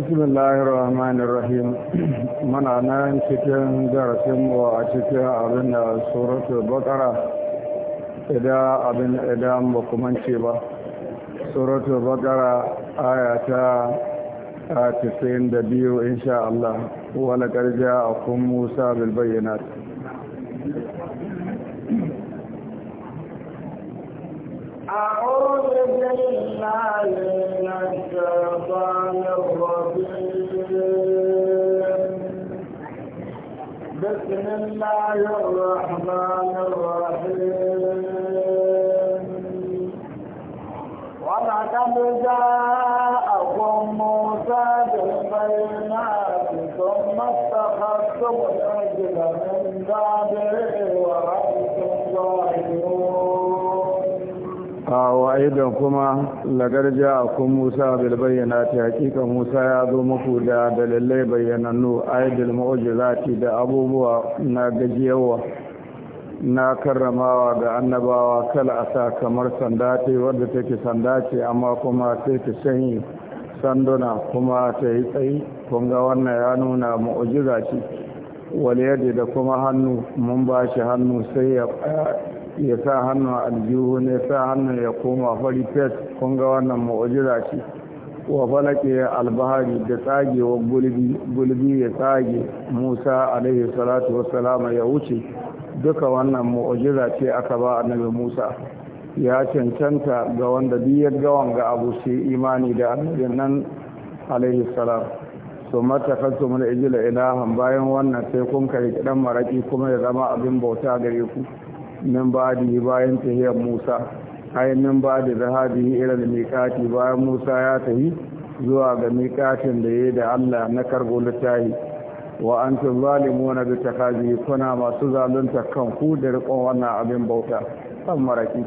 بسم الله الرحمن الرحيم من أنا شكين درسم وأشكي أبن سورة البقرة إدا أبن إدام وكمان شيبا سورة البقرة آية تسعين دبيو إن شاء الله ولقد جاءكم موسى بالبينات أعوذ بالله من الشيطان الرجيم بسم الله الرحمن الرحيم ولقد جاءكم موسى بالبينات ثم اتخذتم العجل من بعده ورحمه wa aidan kuma lagarja a kun musa bil bayyana ta hakika musa ya zo muku da dalilai bayyanannu aidil mu'jizati da abubuwa na gajiyawa na karramawa ga annabawa kala asa kamar sanda ce wadda take sanda ce amma kuma sai ta shanye sanduna kuma ta yi tsayi kun ga wannan ya nuna mu'jiza ce waliyadi da kuma hannu mun ba shi hannu sai ya ya sa hannu aljihu ne sa hannu ya koma fari fes kunga ga wannan ma'ajira ce wa falake albahari da tsagewar gulbi ya tsage musa alaihi salatu ya wuce duka wannan ma'ajira ce aka ba annabi musa ya cancanta ga wanda biyar gawan ga abu sai imani da annabin nan alaihi salam su matakasu mun ijila ilahan bayan wannan sai kun kare kidan maraki kuma ya zama abin bauta gare ku min ba'di bayan tahiyar Musa ay min ba'di zahabi ila al-miqati bayan Musa ya tahi zuwa ga miqatin da yayi da Allah na karbo littahi wa antum zalimuna bi takazi kuna masu zalunta kan ku da riƙon wannan abin bauta kan maraki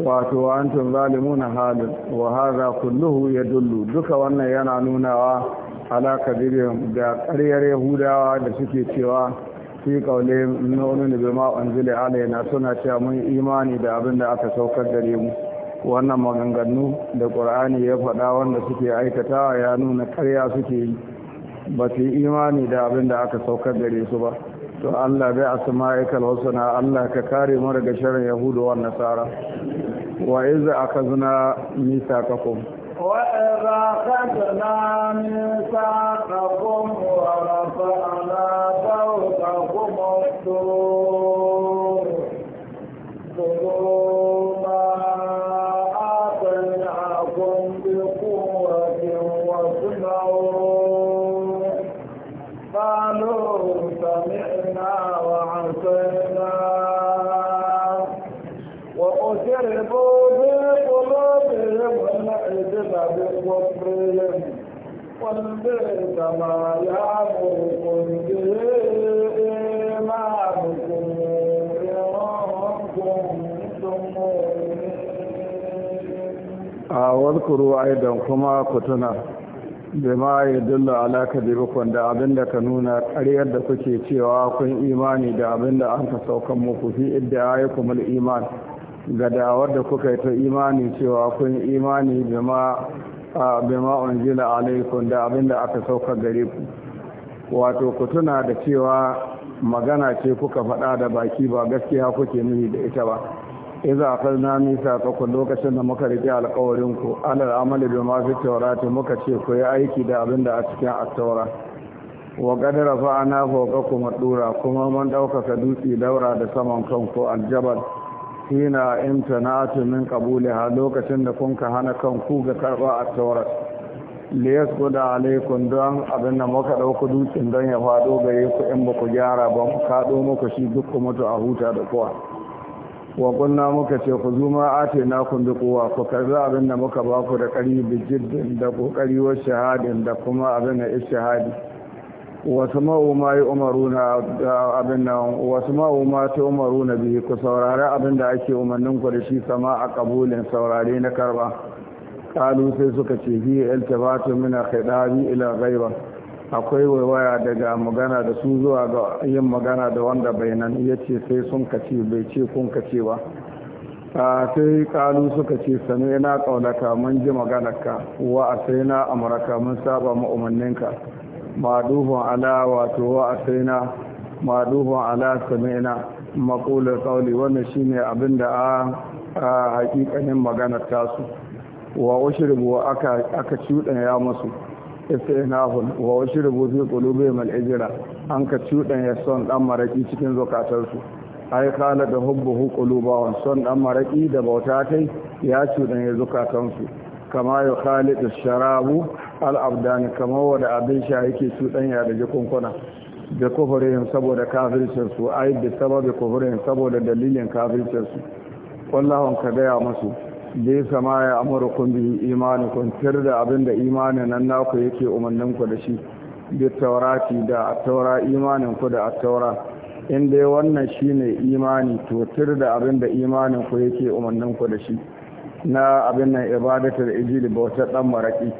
wato antum zalimuna halin wa hadha kulluhu yadullu duka wannan yana nunawa ala kadirin da ƙaryar yahudawa da suke cewa fi kaule nuna bima anzila alaina suna cewa mun imani da abin da aka saukar gare mu wannan maganganu da ƙur'ani ya faɗa wanda suke aikatawa ya nuna karya suke yi ba su yi imani da abin da aka saukar gare su ba to Allah bai wasu na Allah ka kare mu daga shirin yahudu wa nasara wa iza akazna misaqakum wa iza akazna wadkuru aidan kuma ku tuna bima ya yi dillo alaka da abin da ka nuna ƙaryar da kuke cewa kun imani da abin da an ka saukan muku fi idda yi kuma iman ga dawar da kuka yi ta imani cewa kun imani bima ma unzila alaikum da abin da aka sauka gare ku wato ku tuna da cewa magana ce kuka faɗa da baki ba gaskiya kuke nuni da ita ba iza akalna nisa ku lokacin da muka rike ku alal amali da ma fi taurati muka ce ku yi aiki da abin da a cikin attaura wa kadara fa ana foka kuma dura kuma mun ɗaukaka dutse daura da saman kanku aljabal hina imtana'atu min qabuliha lokacin da kun ka hana kanku ga karba attaura liyas da alaikun don abin da muka ɗauka dutsen don ya faɗo gare ku in ba ku gyara ba mu kaɗo muku shi duk ku mutu a huta da kowa wa kunna muka ce ku zuma ate na kun bi kowa ku karza abin da muka ba ku da kari jiddin da kokari wa shahadin da kuma abin da ishahadi wasu ma'uma yi umaruna abin nan wasu ta umaruna biyu ku saurari abin da ake umarnin ku da shi sama a kabulin saurare na karba kalu sai suka ce biyu iltifatu mina khidabi ila ghaiba akwai waiwaya daga magana da su zuwa ga yin magana da wanda bai ya ce sai sun kace bai ce kun kace ba a sai kalu suka ce sanu ina kaunaka mun ji maganarka wa a sai na amurka mun saba ma umarninka maduhun ala wato wa a sai na maduhun ala ina, maƙular kauli wannan shine abin da a hakikanin maganar tasu wa ushribu aka aka ya musu istihnahun wa wasu rubutu qulubi mal ijra an ka cudan ya son ɗan maraƙi cikin zukatarsu ai kana da hubbuhu qulubawan son dan maraƙi da bauta kai ya cuɗan ya zukatansu kama ya khalidu sharabu al abdan kama wada abin sha yake cudan ya da jikunkuna da kufurihim saboda kafircinsu ai da sababi kufurihim saboda dalilin kafircinsu wallahun ka gaya masu ya sama ya amura kundi imani tir da abin da imani nan naku yake umarninku da shi bi taurati da taura imaninku da taura, in dai wannan shi ne imani to da abin da imaninku yake umarninku da shi na abin nan da ijili bautar dan maraki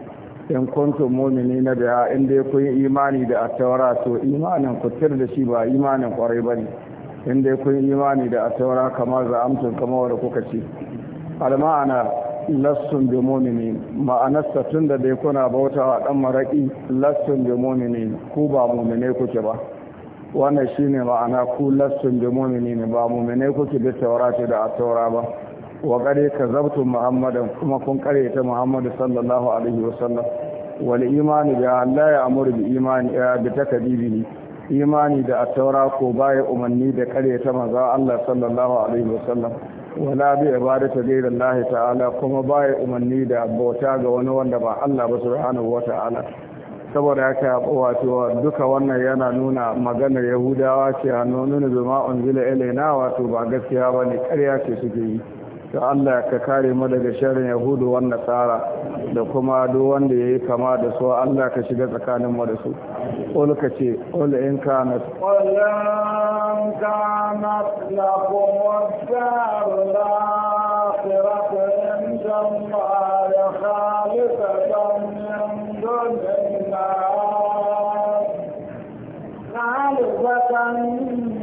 in kuntum mu'mini na biya in dai kun yi imani da taura, to imanin ku tir da shi ba imanin kwarai ne, in dai kun yi imani da taura kamar za'amtun kamar wanda kuka ce alma'ana lassun bi mumini ma'anarsa tun da dai kuna bauta wa dan maraki lassun bi mumini ku ba mumine kuke ba wannan shine ma'ana ku lassun bi mumini ne ba mumine kuke da taurata da taura ba wa kare ka zabtu muhammadan kuma kun kare ta muhammadu sallallahu alaihi wasallam wal imani bi allahi ya amuru bi imani eh, bi takadibi imani da taura ko baya umarni da kare ta manzo Allah sallallahu alaihi wasallam wala bi ibadatu ghayrillahi ta'ala kuma ya umarni da bauta ga wani wanda ba Allah ba subhanahu wata'ala saboda haka wato duka wannan yana nuna maganar yahudawa ce a nuna zuma unzila ilaina wato ba gaskiya bane ƙarya ce suke yi ta Allah ka kare mu daga sharrin yahudu wanda nasara da kuma duk wanda yayi kama da su Allah ka shiga tsakanin mu da su qul ka ce qul in kana qul in kana la wasarul akhiratu inda Allah ya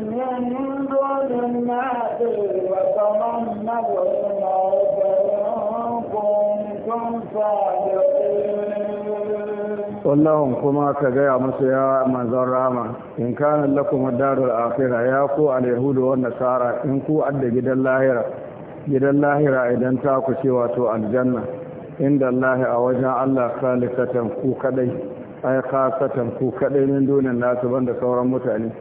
wallahun kuma ka gaya musu ya manzon rama in kanin lakum darul akhirah ya ku al yahudu wa nasara in ku adda gidan lahira gidan lahira idan ta ku ce wato aljanna inda Allah a wajen Allah khalikatan ku kadai ay khasatan ku kadai min dunin nasu banda sauran mutane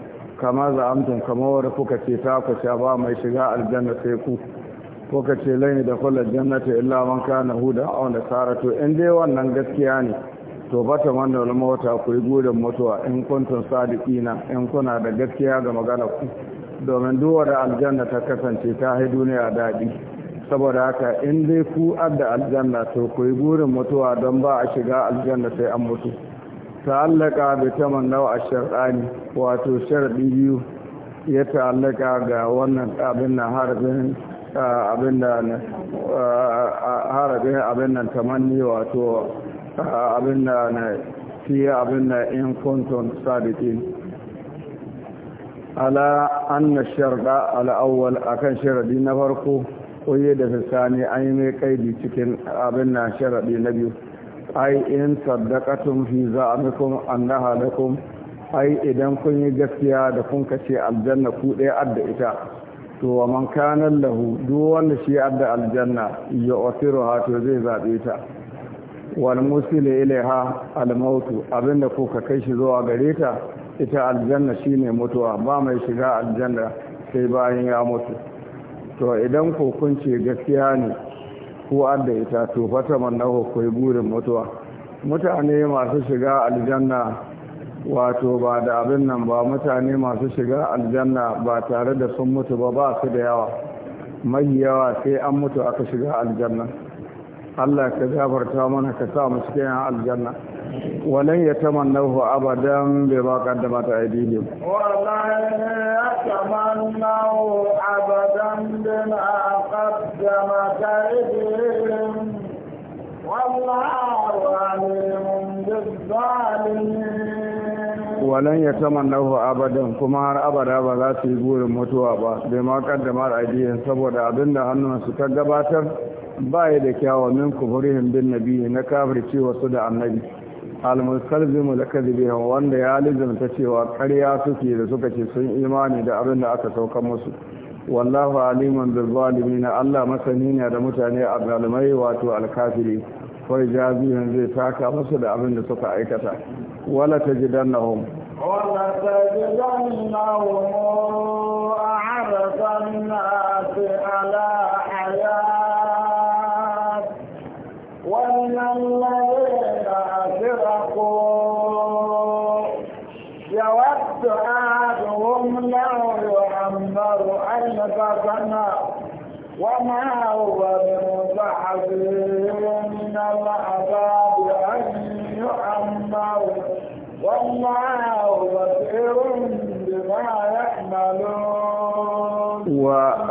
kama za amtum kama wadda kuka ce ta ku sha ba mai shiga aljanna sai ku kuka ce lai da kula jannata illa man kana huda aw da Saratu. in dai wannan gaskiya ne to bata wannan wal mota ku yi gurin mutuwa in kuntun sadiqina in kuna da gaskiya ga magana ku domin duwa da aljanna ta kasance ta hai duniya daɗi saboda haka in dai ku adda aljanna to ku yi gurin mutuwa don ba a shiga aljanna sai an mutu ta'allaka bi taman nawa shar'ani wato sharadi biyu ya ta'allaka ga wannan abin nan harafin abin da harafin abin nan tamanni wato abin nan fiye abin nan in kuntum sadiqin ala anna sharda ala awwal akan sharadi na farko koye da fisani an yi mai kaidi cikin abin na sharadi na biyu ai in saddaqatum fi za'amikum annaha lakum ai idan kun yi gaskiya da kun kace aljanna ku ɗaya adda ita to wa man kana lahu duk wanda shi adda aljanna ya wasiru ha to zai zabe ta wal musil ilaiha al mautu abinda ko ka kai shi zuwa gare ta ita aljanna shine mutuwa ba mai shiga aljanna sai bayan ya mutu to idan ko kun ce gaskiya ne ko an da ita to fata burin mutuwa mutane masu shiga aljanna wato ba da abin nan ba mutane masu shiga aljanna ba tare da sun mutu ba ba su da yawa mai yawa sai an mutu aka shiga aljanna Allah ka zafarta mana ka sa mu cikin aljanna ولن يتمنوه ابدا بما قدمت ايديهم ولن يتمنوه ابدا بما قدمت أيديهم والله عليم بالظالمين walan ya tamannahu abadan kuma har abada ba za su yi burin mutuwa ba bai ma kaddamar saboda abinda hannunsu ta gabatar ba ya da kyawamin kuburin bin nabi na kafirci wasu da annabi almusalzimu da kadibihim wanda ya lizimta cewa karya suke da suka ce sun imani da abin da aka sauka musu wallahu aliman zalimi na Allah masani ne da mutane azzalimai wato alkafiri fa jazihun zai saka musu da abin da suka aikata wala tajidannahum wala tajidannahum a'rafa an-nas ala hayat wa min النار أين ألبسنا وما هو بمزحزه من العذاب أن يعمر والله بصير بما يعملون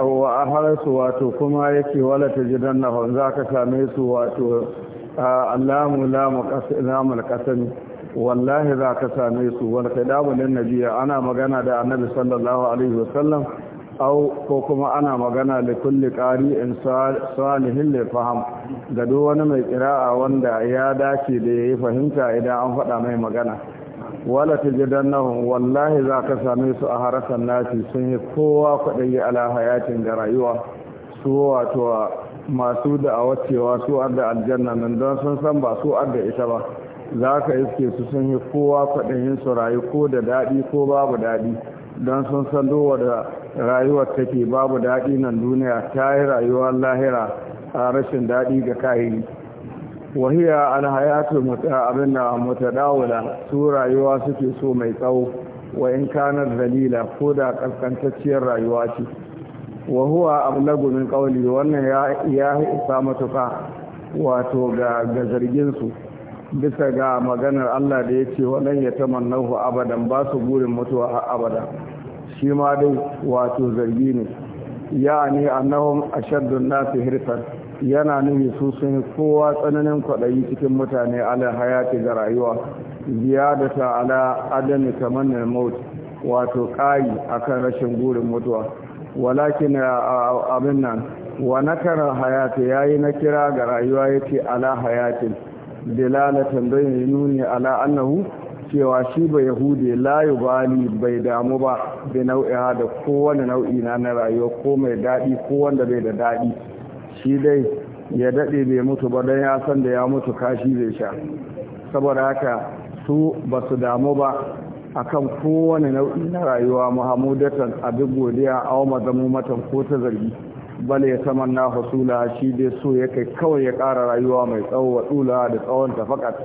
وأهرس واتو يكي ولا تجدنهم ذاك ساميس واتو آه، اللام لام القسم wallahi za ka same su wani kadabu lin ana magana da annabi sallallahu alaihi wasallam au ko kuma ana magana da kulli qari in salihin li faham ga duk wani mai kira'a wanda ya dace da yayi fahimta idan an faɗa mai magana wala tajidannahum wallahi za ka same su a harasan nasi sun yi kowa kwaɗayi ala hayatin da rayuwa su wato masu da a wacewa su adda aljanna nan don sun san ba su adda ita ba za ka iske su sun yi kowa yin su rayu ko da daɗi ko babu daɗi don sun san dowa da rayuwar take babu daɗi nan duniya ta yi rayuwar lahira a rashin daɗi ga kayi wahiya alhayatu mutu abin da mutadawula su rayuwa suke so mai tsawo wa in kanar dalila ko da kaskantacciyar rayuwa ce Wahuwa abu ablagu min wannan ya isa matuka wato ga zarginsu. bisa ga maganar Allah da ya ce wannan ya tamannahu abadan ba su burin mutuwa har abada shi ma dai wato zargi ne ya ne annahum ashaddun nasu hirsan yana nuni su sun kowa tsananin kwaɗayi cikin mutane ala hayati ga rayuwa ziyadata ala adami tamannin maut wato ƙari akan rashin burin mutuwa walakin abin nan wa nakara hayati yayi na kira ga rayuwa yake ala hayatin dalalatan don ya nuni ala annahu cewa shi ba yahudi la bai damu ba da nau'iha da kowane nau'i na na rayuwa ko mai daɗi ko wanda bai da daɗi shi dai ya daɗe bai mutu ba don ya san da ya mutu kashi zai sha saboda haka su ba su damu ba akan kowane nau'i na rayuwa muhammudatan abin godiya a wa mazamu matan ko ta zargi bal ya tamanna fasula shi dai so kai kawai ya kara rayuwa mai tsawo wa tsula da tsawon tafakat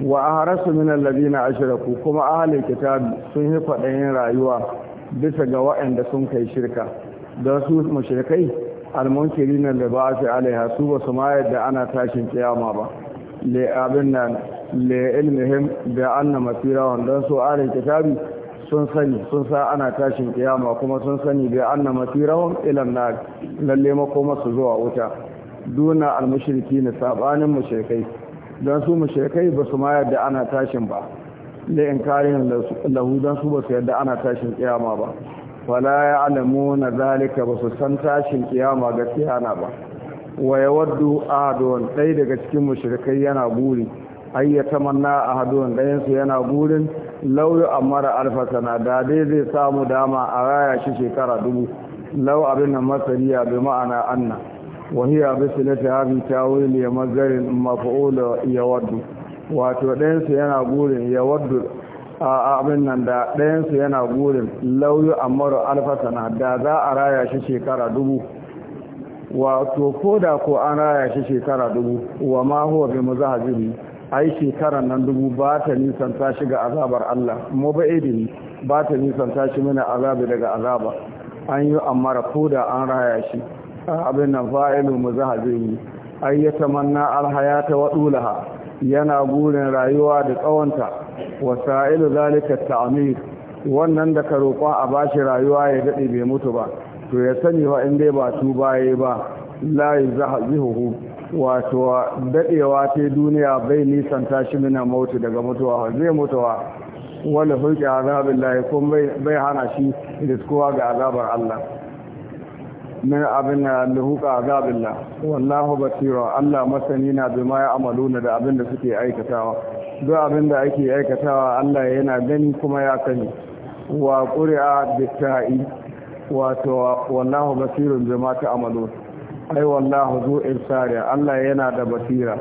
wa aharasu na alladhina ku kuma ahlul kitabi sun yi faɗayin rayuwa bisa ga waɗanda sun kai shirka don su mushrikai na da ba fi alaiha su ba su ma yadda ana tashin kiyama ba le abin nan le ilmihim da anna masira don su ahlul kitabi sun sani sun sa ana tashin kiyama kuma sun sani bai anna masirahum ilan na lalle makoma su zuwa wuta duna almushriki na sabanin mushrikai don su mushrikai ba su ma yadda ana tashin ba da in karin lahu don su ba su yadda ana tashin kiyama ba wala ya zalika ba su san tashin kiyama gaskiya na ba wa yawaddu ahadun ɗaya daga cikin mushrikai yana buri ai tamanna a haduwan ɗayansu yana burin lauyu amara alfasana da dai zai samu dama a raya shi shekara dubu lau abin nan masariya bi ma'ana anna wahiya bi silati habi tawil ya mazarin maf'ul ya waddu wato ɗayansu yana burin ya waddu a abin nan da ɗayansu yana burin lauyu amara alfasana da za a raya shi shekara dubu wato ko da ko an raya shi shekara dubu wa ma huwa bi muzahabihi ai shekarar nan dubu ba ta nisan ta shiga azabar Allah mu ba idin ba ta nisan ta shi mana azabi daga azaba an yi amara ko an raya shi abin nan fa'ilu muzahabi ai ya tamanna alhayata wa dulaha yana gurin rayuwa da tsawonta wasa'ilu zalika ta'mir wannan da ka roƙon a bashi rayuwa ya dade bai mutu ba to ya sani wa in dai ba su yayi ba la yuzahihu wato dadewa ta duniya bai nisan shi mina mautu daga mutuwa zai mutuwa wala hulki azabin lahi ko bai hana shi riskuwa ga azabar Allah min abin na eh, luhuka azabin la wallahu basira Allah masani na bi ma na da abin da suke aikatawa duk abin da ake aikatawa Allah yana gani kuma ya sani wa qur'a ta'i wato wallahu basirun bima ta'maluna ai wallahu zu insari Allah yana da basira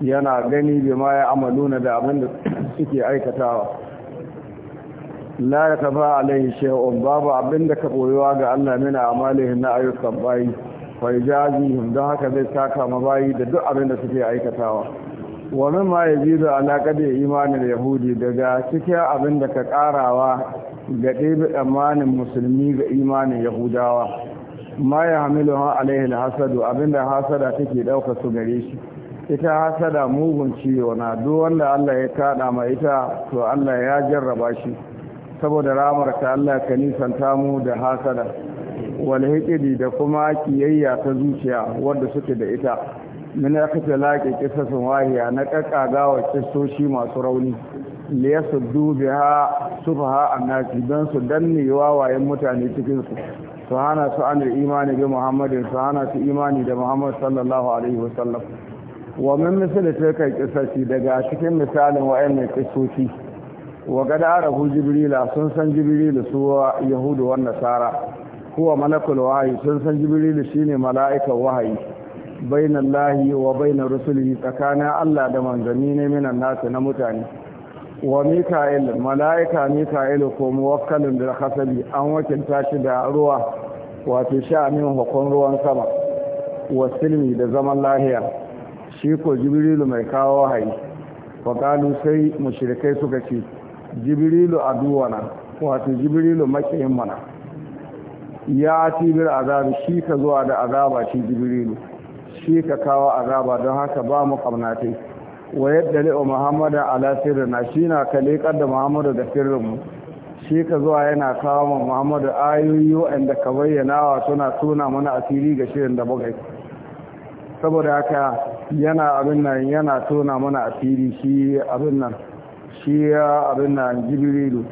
yana gani bima ya amaluna da abin da suke aikatawa la ya taba alaihi shay'un babu abin da ka koyuwa ga Allah mina amalihi na ayyukan bayi fa yajazihim don haka zai saka ma bayi da duk abin da suke aikatawa wa mimma yazidu ala qadi imanin yahudi daga cikin abin da ka karawa ga ɗebe musulmi ga imanin yahudawa ma ya hamilu ha alaihi hasadu abinda hasada take dauka su gare shi ita hasada mugun ciwo na duk wanda Allah ya kada ma ita to Allah ya jarraba shi saboda ramar ka Allah ka nisanta mu da hasada wal hiqidi da kuma kiyayya ta zuciya wanda suke da ita min akata laqi qisasun wahiya na kakkagawa kisoshi masu rauni li yasuddu biha subha annasi dan su danne wawayen mutane cikin su su hana su an imani bi muhammadin su hana su imani da muhammad sallallahu alaihi wasallam wa min misali tilka daga cikin misalin wa'annan qisoci wa qad arafu jibrila sun san jibril su yahudu wa nasara huwa malakul wahyi sun san jibril shine mala'ikan wahayi bainan lahi wa bainan Rusuli tsakanin Allah da manzanni ne minan nasu na mutane wa mika'il mala'ika mika'ilu ko muwakkalin da hasabi an wakilta shi da ruwa wato sha'anin hukun ruwan sama wasilmi da zaman lahiya shi ko jibrilu mai kawo wahayi faƙalu sai mushrikai suka ce jibrilu aduwana wato jibrilu makiyin mana ya tibir azabi shi ka zuwa da azaba shi jibrilu shi ka kawo azaba don haka ba mu kamnatai wa yadda li'u lafiyar ala sirrina shi na ka da muhammadu da sirrinmu shi ka zuwa yana kawo ma muhammadu ayoyi waɗanda ka bayyana wa suna tuna mana asiri ga shirin da bugai saboda haka yana abin nan yana tona mana asiri shi abin nan shi abin nan jibrilu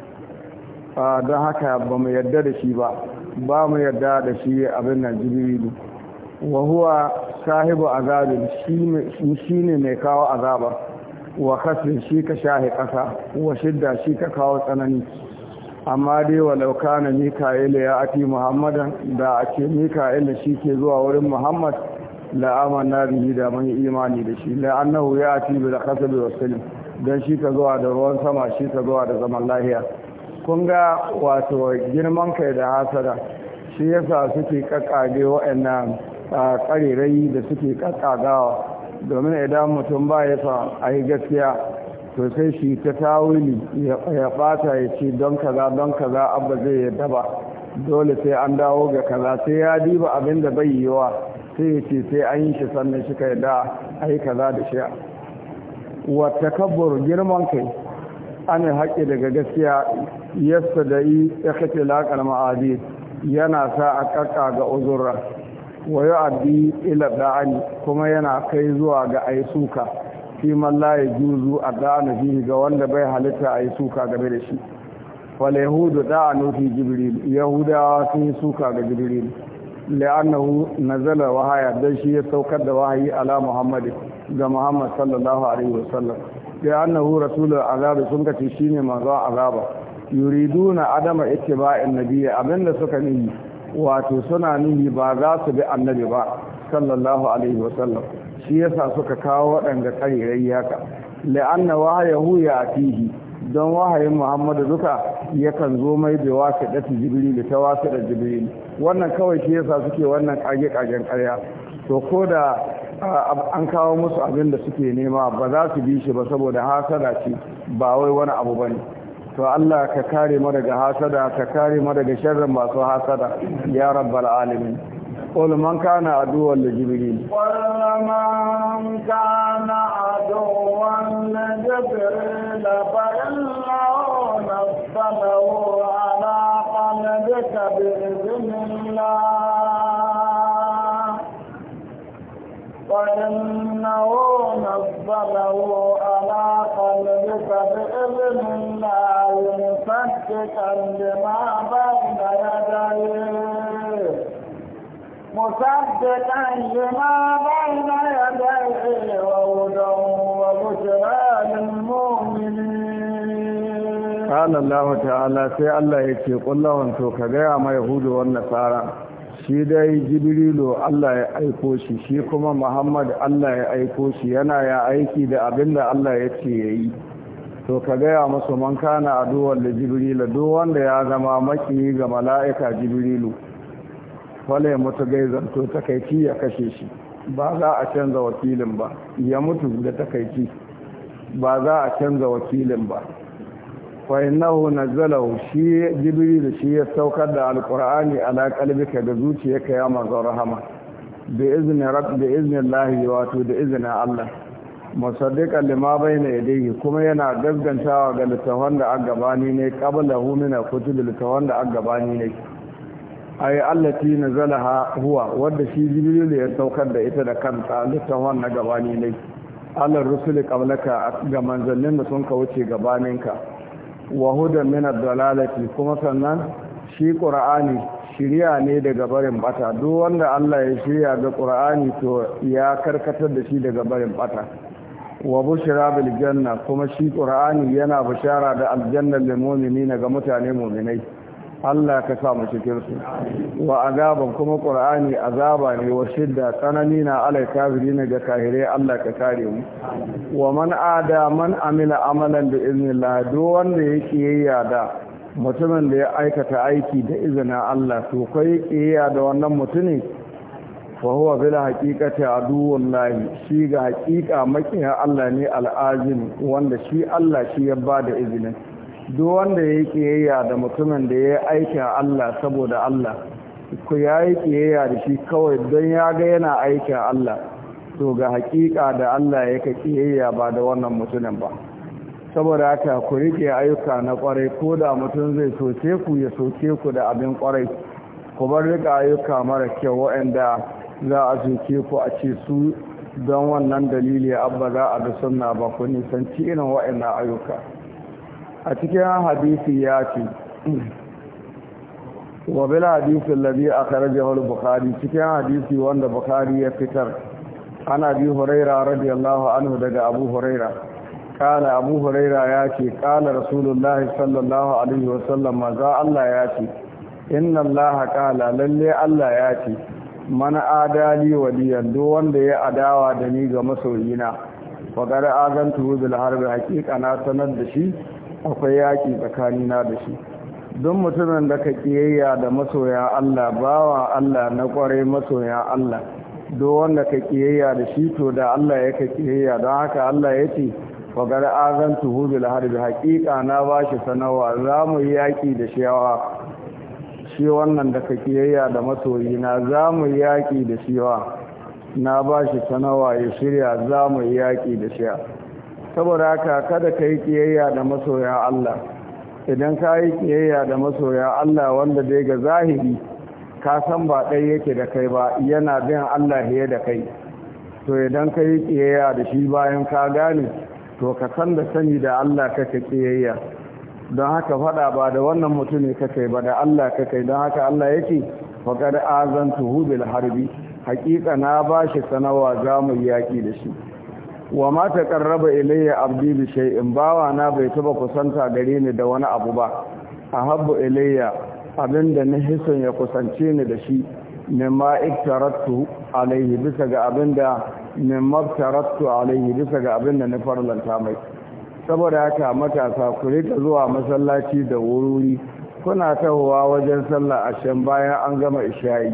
don haka ba mu yadda da shi ba ba mu yadda da shi abin nan jibrilu wa huwa sahibu azabin shi ne mai kawo azaba, wa kasrin shi ka shahi ƙasa wa shidda shi ka kawo tsanani amma dai walau kana mika'ilu ya ati muhammadan da a ce mika'ilu shi ke zuwa wurin muhammad la na bihi da mun imani da shi la annahu ya ati da qasab wa salim dan shi ka zuwa da ruwan sama shi ka zuwa da zaman lahiya kun ga wato girman kai da hasada shi yasa suke kakkage wa'annan karerai da suke kakkagawa domin idan mutum ba ya sa a yi gaskiya to sai shi ta tawili ya bata ya ce don kaza don kaza abba zai yadda ba dole sai an dawo ga kaza sai ya diba abin da bai yiwa sai ya ce sai an yi shi sannan shi kai da a yi kaza da shi wata takabbur girman kai an haƙƙi daga gaskiya yasta da yi ya kace laƙar ma'adi yana sa a ƙaƙa ga uzurra wa yu'addi ila da'ani kuma yana kai zuwa ga aisuka fi man la a da'anu fihi ga wanda bai halitta a yi suka game da shi wal yahudu da'anu fi jibril yahudawa sun yi suka ga jibril la'annahu nazala wahaya dan shi ya saukar da wahayi ala muhammad ga muhammad sallallahu alaihi wasallam la'annahu rasulul azab sun kace shine manzo azaba yuriduna adama ittiba'in nabiyyi abinda suka nihi wato suna nihi ba za su bi annabi ba sallallahu alaihi wasallam shi yasa suka kawo waɗanda ƙarirai haka la'anna wahayahu ya atihi don wahayin muhammadu duka yakan zo mai da wasiɗatu jibril ta da jibril wannan kawai shi yasa suke wannan ƙage-ƙagen ƙarya to ko da an kawo musu abin da suke nema ba za su bi shi ba saboda hasada ce ba wai wani abu ba ne to Allah ka kare mu daga hasada ka kare mu daga sharrin masu hasada ya rabbal alamin قل من كان عدوا لجبريل قل من كان عدوا لجبريل فإنه نزله على قلبك بإذن الله فإنه نزله على قلبك بإذن الله مصدقا لما بين يديه مصدقا لما بين يديه وهدى وبشرى للمؤمنين قال الله تعالى سي الله يكي قل لهم تو كغيا ما يهود والنصارى shi dai jibrilu Allah ya aiko shi shi kuma Muhammad Allah ya aiko shi yana ya aiki da abin da Allah ya ce ya yi to ka gaya musu man kana aduwar da jibrilu duk wanda ya zama maki ga mala'ika jibrilu wala mutu gai to takaici ya kashe shi ba za a canza wakilin ba ya mutu da takaici ba za a canza wakilin ba fa'inahu nazzalahu shi jibril shi ya saukar da alqur'ani ala da zuciya ka ya manzo rahama bi izni rabb bi izni allah wato da izinin allah musaddiqan lima bayna yadayhi kuma yana gaskantawa ga littafan da an gabani ne qablahu min kutubil littafan da an ne ay allati nazalaha huwa wanda shi jibril ya saukar da ita da kanta littafin na gabani ne Allah rusuli qablaka ga manzannin da sun ka wuce gabaninka wa huda min ad-dalalati kuma sannan shi qur'ani shiriya ne daga barin bata duk wanda Allah ya shirya ga qur'ani to ya karkatar da shi daga barin bata wa bushra bil janna kuma shi qur'ani yana bishara da aljanna lil mu'minina ga mutane mu'minai Allah ka sa mu cikin su wa azaban kuma qur'ani azaba ne wa shidda tsanani na alal kafirina ga kahire Allah ka kare mu wa man ada man amila amalan bi iznillah do wanda yake da. mutumin da ya aikata aiki da izinin Allah to kai yayya da wannan mutune fa huwa bil haqiqati aduwwun lahi shi ga haqiqa makiyan Allah ne al'azim wanda shi Allah shi ya bada izinin duk wanda ya yi kiyayya da mutumin da ya yi aikin Allah saboda Allah ku ya yi kiyayya da shi kawai don ya ga yana aikin Allah to ga hakika da Allah ya ka kiyayya ba da wannan mutumin ba saboda haka ku rike ayyuka na kwarai ko da mutum zai soke ku ya soke ku da abin kwarai ku bar rika ayyuka mara kyau waɗanda za a soke ku a ce su don wannan dalili abba za a da sunna ba ku nisanci irin waɗannan ayyuka a cikin hadisi ya ce wa bil hadisi alladhi akhrajahu al-bukhari cikin hadisi wanda bukhari ya fitar ana bi huraira radiyallahu anhu daga abu huraira kana abu huraira ya ce kana rasulullahi sallallahu alaihi wasallam maza Allah ya ce inna Allah qala lalle Allah ya ce mana adali waliyan Do wanda ya adawa da ni ga masoyina wa qad azantu bil harbi haqiqa na sanar da shi akwai yaƙi tsakanina da shi don mutumin da ka kiyayya da masoya Allah bawa Allah na ƙwarai masoya Allah don wanda ka kiyayya da shi to da Allah ya ka kiyayya don haka Allah ya ce fagar azan tuhu bil harbi haƙiƙa na ba shi sanawa za mu yi yaƙi da shi yawa shi wannan da ka kiyayya da masoyi na za mu yi yaƙi da shi yawa na ba shi sanawa ya shirya za mu yi yaƙi da shi yawa saboda haka kada ka yi kiyayya da masoya Allah idan ka yi kiyayya da masoya Allah wanda dai ga zahiri ka san ba ɗai yake da kai ba yana bin Allah fiye da kai to idan ka yi kiyayya da shi bayan ka gane to ka san da sani da Allah kake kiyayya don haka faɗa ba da wannan mutum ne kake ba da Allah kake don haka Allah yake faƙar azantu bil harbi hakika na bashi sanawa za mu yaƙi da shi wa ma taqarraba ilayya abdi bi shay'in bawa na bai taba kusanta gare ni da wani abu ba a habbu ilayya abinda na hisan ya kusance ni da shi ma iktaratu alayhi bisa ga abinda ma iktaratu alayhi bisa ga abinda na farlanta mai saboda haka matasa ku rika zuwa masallaci da wuri kuna tahowa wajen sallah a shan bayan an gama isha'i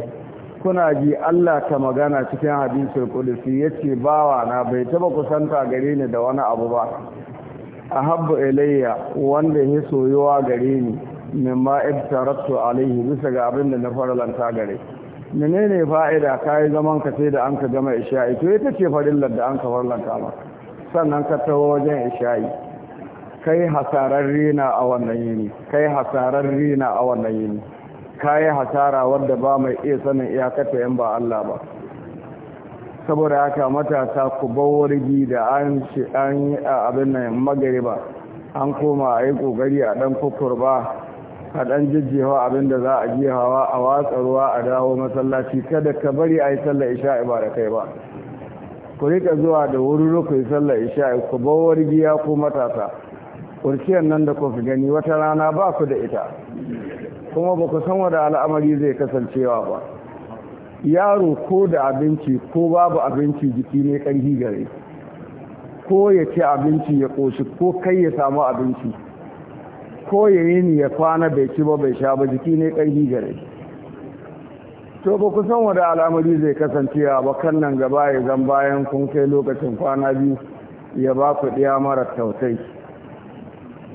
kuna ji Allah ta magana cikin hadisul qudsi yace bawa na bai taba kusanta gare ni da wani abu ba ahabbu ilayya wanda ya soyuwa gare ni mimma ibtaratu alaihi bisa ga abin da na faralanta gare menene fa'ida kai zaman ka sai da an ka gama isha'i to ita ce farillar da an ka faralanta ma sannan ka tawo wajen isha'i kai hasararri na a wannan yini kai hasararri na a wannan yini kayi hasara wadda ba mai iya sanin iyakata yan ba Allah ba saboda haka matasa ku bawargi da an shi an yi abin nan magariba an koma a yi kokari a dan ba, a dan jijjewa abin da za a ji hawa, a watsa ruwa a dawo masallaci kada ka bari a yi sallar isha'i ba da kai ba ku rika zuwa da wuri ku yi sallar isha'i ku bawargi ya ku matasa kurciyar nan da kofi gani wata rana ba ku da ita kuma ba ku san wada al'amari zai kasancewa ba yaro ko da abinci ko babu abinci jiki ne ƙarfi gare ko ya ci abinci ya ƙoshi ko kai ya samu abinci ko ya yi ni ya kwana bai ci ba bai sha ba jiki ne ƙarfi gare to ba ku san wada al'amari zai kasancewa ba kan nan gaba ya zan bayan kun kai lokacin kwana biyu ya ba ku ɗiya mara tausai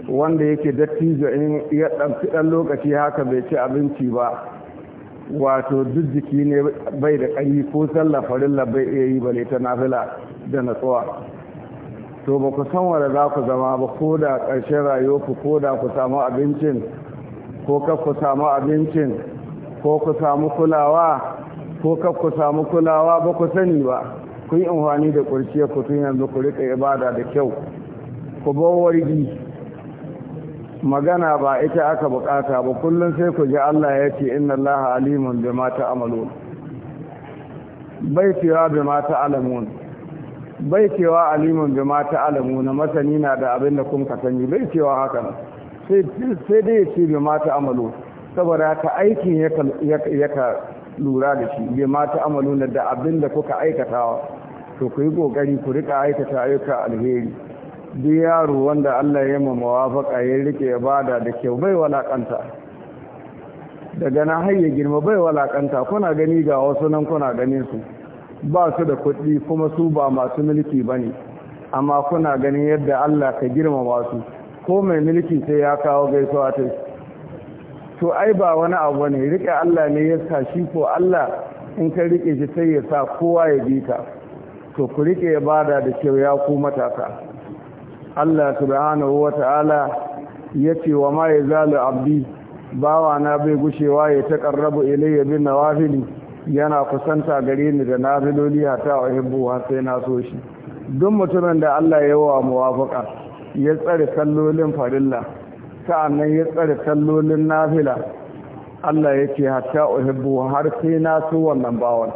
wanda yake dattijo in ya ɗanfi ɗan lokaci haka bai ci abinci ba wato duk jiki ne bai da ƙari ko sallah farilla bai iya yi bale ta nafila da natsuwa to ba ku san wanda za ku zama ba ko da ƙarshen rayuwarku ko da ku samu abincin ko kaf ku samu abincin ko ku samu kulawa ko kaf ku samu kulawa ba ku sani ba kun yi amfani da ƙurciyar ku tun yanzu ku riƙa ibada da kyau ku bar wargi magana ba ita aka bukata ba kullum sai ku ji Allah ya ce inna Allah alimun bi ma ta'malun bai cewa bi ma ta'lamun bai cewa alimun bi ma na masani na da abin da kun sani bai cewa haka sai sai dai ce bi ma amalu saboda ka aikin ya ka lura da shi bi ma ta'malun da abin da kuka aikatawa to ku yi kokari ku rika aikata ayyuka alheri duk yaro wanda Allah ya ma mawafaka ya rike ibada da kyau bai walakanta daga na hayya girma bai walakanta kuna gani ga wasu nan kuna ganin su ba su da kuɗi kuma su ba masu mulki ba amma kuna ganin yadda Allah ka girma wasu ko mai mulki sai ya kawo gaisuwa ta to ai ba wani abu ne rike Allah ne ya sa shi ko Allah in ka rike shi sai ya sa kowa ya bi ka to ku rike ibada da kyau ya ku matasa Allah subhanahu wa ta'ala ya ce wa ma ya zalu abdi bawa na bai gushewa ya taƙarrabu ilayya bin nawafili yana kusanta gare ni da nafiloli hata hibbu har sai na so shi duk mutumin da Allah ya wa muwafaka ya tsare sallolin farilla sa'annan ya tsare sallolin nafila Allah ya ce har sai na so wannan bawon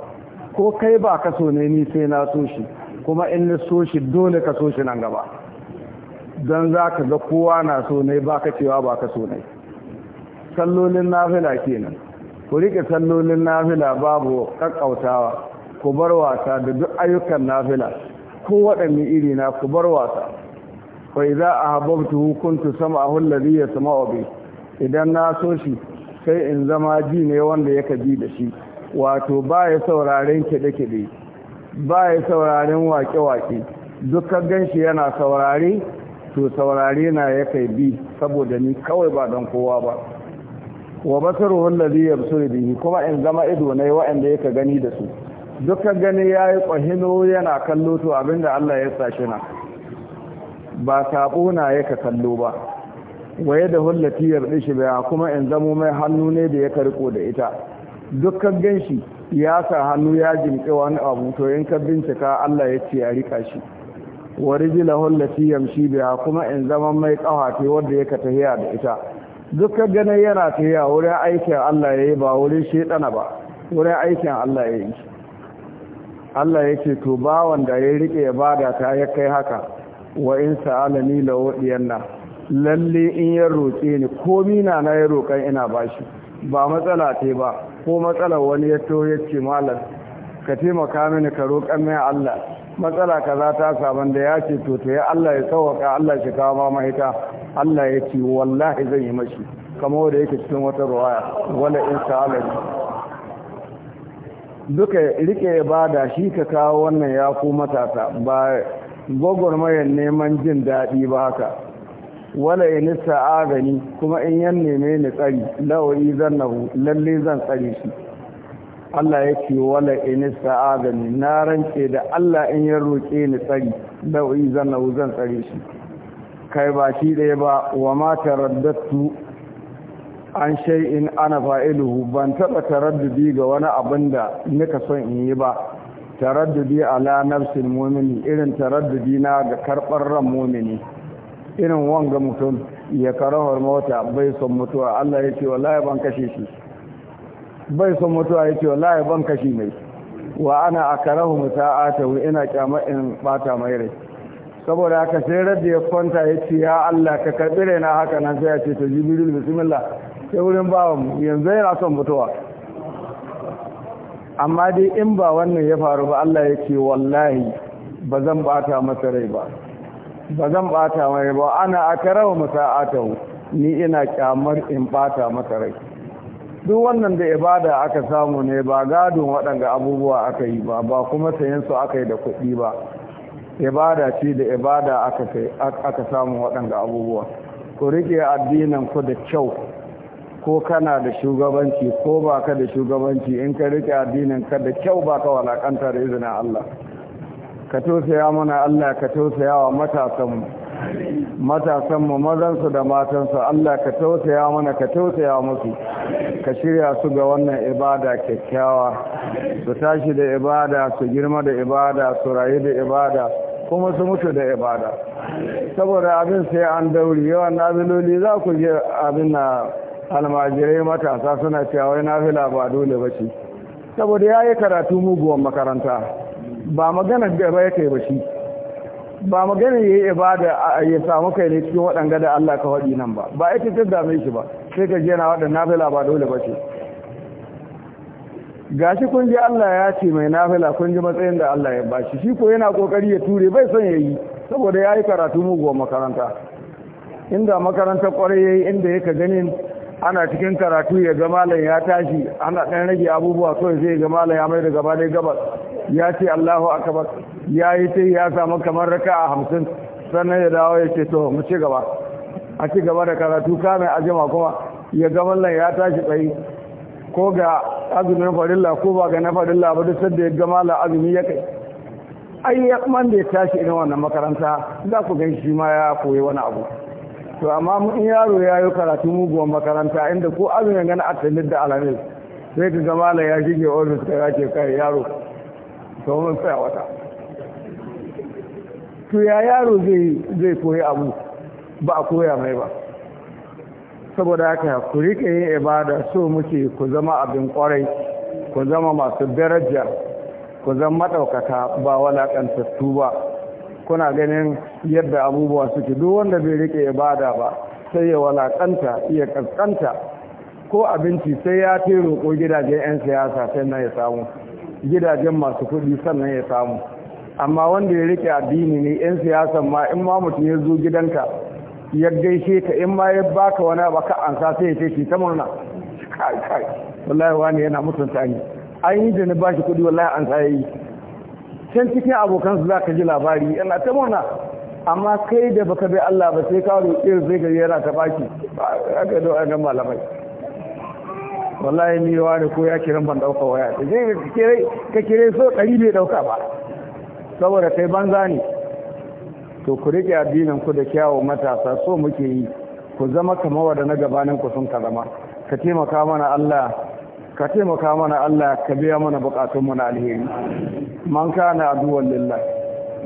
ko kai ba ka so ne ni sai na so shi kuma in na so shi dole ka so shi nan gaba don za ka ga kowa na so ne ba ka cewa ba ka so ne sallolin nafila kenan ku rike sallolin nafila babu kakkautawa ku bar wasa da duk ayyukan nafila ko waɗanne iri na ku bar wasa fa idza ahabbtu kuntu sam'ahu alladhi yasma'u bi idan na so shi sai in zama ji ne wanda yake ji da shi wato baya sauraren kiɗe-kiɗe baya sauraren wake-wake dukkan ganshi yana saurare to saurare na ya kai bi saboda ni kawai ba don kowa ba wa basaru wallazi yabsuru bihi kuma in zama ido ne wa'anda yake gani da su duka gani yayi kwahino yana kallo to abinda Allah ya sa na ba sabo na yake kallo ba waye da hullati yardi shi ba kuma in zamo mai hannu ne da ya riko da ita dukkan ganshi ya sa hannu ya jinƙi wani abu to in ka bincika Allah ya ce ya rika shi wa rijlahu allati yamshi biha kuma in zaman mai kawafi wanda yake tahiya da ita dukkan gane yana tahiya wurin aikin Allah yayi ba wurin shedana ba wurin aikin Allah yayi Allah yake to ba wanda ya rike ibada ta ya kai haka wa in sa'alani la wadiyanna lalle in ya roke ni Ko na na ya roƙan ina bashi ba matsala ce ba ko matsalar wani ya to ya ce malam ka taimaka mini ka roƙan mai Allah matsala za ta da ya ce to ya Allah ya sauwaka Allah shi kawo ma mahita Allah ya ce wallahi zan yi mashi kamar da yake cikin wata ruwaya wala in sa'alar duka rike bada shi ka kawo wannan ya ku matasa ba mayan neman jin daɗi ba haka wala in sa'agani kuma in yan neme ni tsari lawa zan nahu lalle zan tsare shi Allah ya ce wala in sa'adani na rance da Allah in ya roƙe ni tsari da zan zanna zan tsare shi kai ba shi ɗaya ba wa ma taraddatu an in ana fa'iluhu ban taɓa taraddudi ga wani abin da nika son in yi ba taraddudi ala nafsil mumini irin taraddudi na ga karɓar ran mumini irin wanga mutum ya karahar mota bai son mutuwa Allah ya ce wallahi ban kashe shi bai son mutuwa ya ce wallahi ban kashi mai wa ana ta wuri ina kyama in bata mai rai saboda haka sai radda ya kwanta ya ce ya Allah ka karbi na haka nan sai ya ce ta jibril bismillah sai wurin bawan mu yanzu yana son mutuwa amma dai in ba wannan ya faru ba Allah ya ce wallahi ba zan bata masa rai ba ba zan bata mai ba ana ta musa'atahu ni ina kyamar in bata masa rai duk wannan da ibada aka samu ne ba gadon waɗanda abubuwa aka yi ba ba kuma sayan su aka yi da kuɗi ba ibada ce da ibada aka samu waɗanda abubuwa ku riƙe addinin ku da kyau ko kana da shugabanci ko ba ka da shugabanci in ka riƙe addinin ka da kyau ba ka walakanta da izinin Allah ka tausaya mana Allah ka tausaya wa matasanmu matasanmu mazansu da matansu Allah ka tausaya mana ka tausaya musu ka shirya su ga wannan ibada kyakkyawa su tashi da ibada su girma da ibada su rayu da ibada kuma su mutu da ibada saboda abin sai an dauri yawan nabiloli za ku je abin na almajirai matasa suna cewa na fi ba dole ba ce saboda ya yi karatu muguwan makaranta ba magana gaba ya kai ba shi ba magana ya yi ibada ya samu kai ne cikin waɗanga da Allah ka waɗi nan ba ba ita ta dame shi ba sai ka jena wadda nafila ba dole ba ce gashi kun ji Allah ya ce mai nafila kun ji matsayin da Allah ya bashi shi ko yana kokari ya ture bai son ya yi saboda ya yi karatu muguwar makaranta inda makaranta kwarai ya yi inda ya ka ganin ana cikin karatu ya ga malam ya tashi ana ɗan rage abubuwa ya zai ga malam ya mai da gaba dai gabas ya ce Allahu akbar ya yi ta ya samu kamar raka'a hamsin sannan ya dawo ya ce to mu ci gaba a ci gaba da karatu a ajima kuma ya ga nan ya tashi tsaye ko ga azumin farilla ko ba ga na farilla ba duk sadda ya gama la azumi ya kai ai ya kuma da ya tashi irin wannan makaranta za ku gan shi ma ya koyi wani abu to amma in yaro ya yi karatu muguwan makaranta inda ko azumin gana a talib da alamin sai ka gama la ya shige ofis ka ya ce kai yaro to mun tsaya wata to ya yaro zai koyi abu ba a koya mai ba saboda haka ku rike yin ibada so muke ku zama abin kwarai ku zama masu daraja ku zama maɗaukaka ba walaƙantattu ba kuna ganin yadda abubuwa suke duk wanda bai rike ibada ba sai ya walaƙanta iya ƙasƙanta ko abinci sai ya fi roƙo gidajen 'yan siyasa sannan ya samu gidajen masu kuɗi sannan ya samu amma wanda ya rike addini ne 'yan siyasan ma in ma mutum ya zo gidanka ya gaishe ka in ma ya baka wani abu ka ansa sai ya ce shi ta murna kai kai wallahi wani yana mutunta ni an yi da ba bashi kuɗi wallahi an sa yi can cikin abokan su zaka ji labari yana ta murna amma kai da baka bai Allah ba sai ka roƙi zai gari yana ta baki aka da wannan malamai wallahi ni wani ko ya kiran ban dauka waya da zai ka kire so ɗari bai dauka ba saboda kai banza ne to ku rike addinin ku da kyawu matasa so muke yi ku zama kamar da na gabanin ku sun karama ka taimaka mana Allah ka taimaka mana Allah ka biya mana bukatun mu na alheri man kana aduwan lillah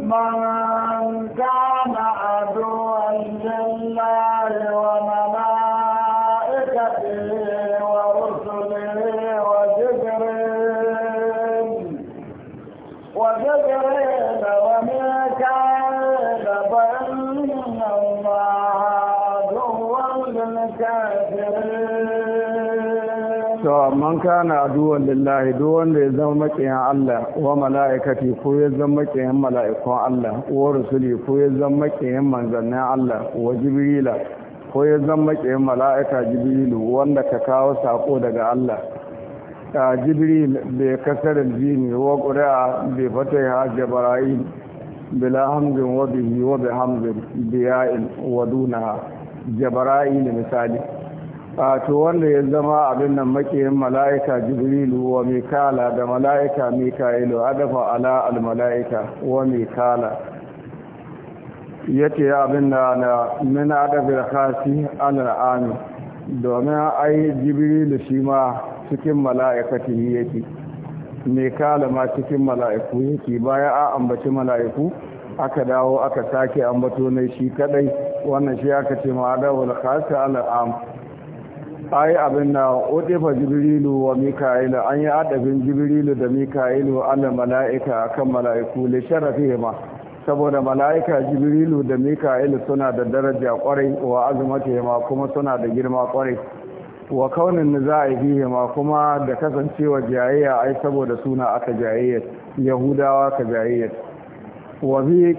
man kana aduwan lillah wa malaikatihi wa rusulihi wa cewa man kana aduwan lillahi duk wanda ya zama makiyan Allah wa mala'ikati ko ya zama makiyan mala'ikun Allah wa rusuli ko ya zama makiyan manzannin Allah wa jibrila ko ya zama makiyan mala'ika jibrilu wanda ka kawo sako daga Allah jibril bai kasar jini wa ƙuri'a bai fata ya jabara'il bila hamzin wa bihi wa bi biya'in wa dunaha jabara'il misali a to wanda ya zama abin nan makiyin mala'ika jibrilu wa mikala da mala'ika mika'ilu adafa ala almala'ika wa mikala ce abin da na min adafin khasi al'ami domin ai jibrilu shi ma cikin mala'ika ta yi yake mikala ma cikin mala'iku yake bayan a ambaci mala'iku aka dawo aka sake ambato na shi kadai wannan shi aka ce ma adafin khasi al'ami ai abin na otefa jibrilu wa mika'ilu an yi adabin jibrilu da mika'ilu ala mala'ika kan mala'iku le sharafi ma saboda mala'ika jibrilu da mika'ilu suna da daraja kwarai wa azumata ma kuma suna da girma kwarai wa kaunin da za a yi ma kuma da kasancewa jayayya ai saboda suna aka jayayya yahudawa ka jayayya wa bi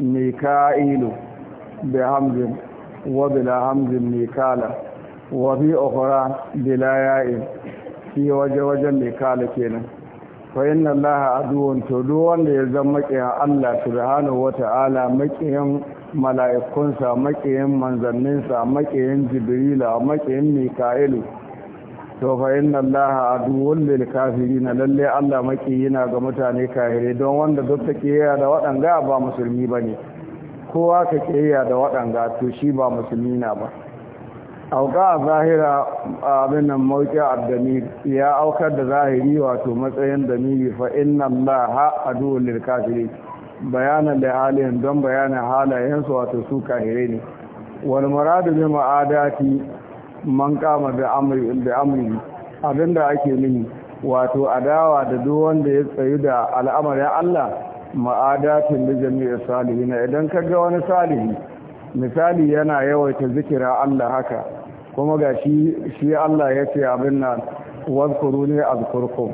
mika'ilu bi hamzin wa bila hamzin Wafi bi ukhra bila ya'i waje wajen mai kala kenan fa inna allaha aduwwun to duk wanda ya zama makiya Allah subhanahu wata'ala makiyan mala'ikunsa makiyan manzanninsa makiyan jibrila makiyan mika'ilu to fa inna allaha aduwwun lil kafirin lalle Allah makiyina ga mutane kahire don wanda duk take yaya da waɗanga ba musulmi bane kowa ka kiyaye da waɗanga to shi ba musulmi na ba auka a zahira abin nan a abdamir ya aukar da zahiri wato matsayin damiri fa inna ha a duwun lirkafiri bayanan da halin don bayanin halayensu wato su kahire ne Wani muradu bi ma'adati man kama da amri da abinda ake nuni wato adawa da duk wanda ya tsayu da al'amarin Allah ma'adatin da salihi na idan ka ga wani salihi misali yana yawaita zikira Allah haka kuma ga shi Allah ya ce abin nan wazkuru ne zukurku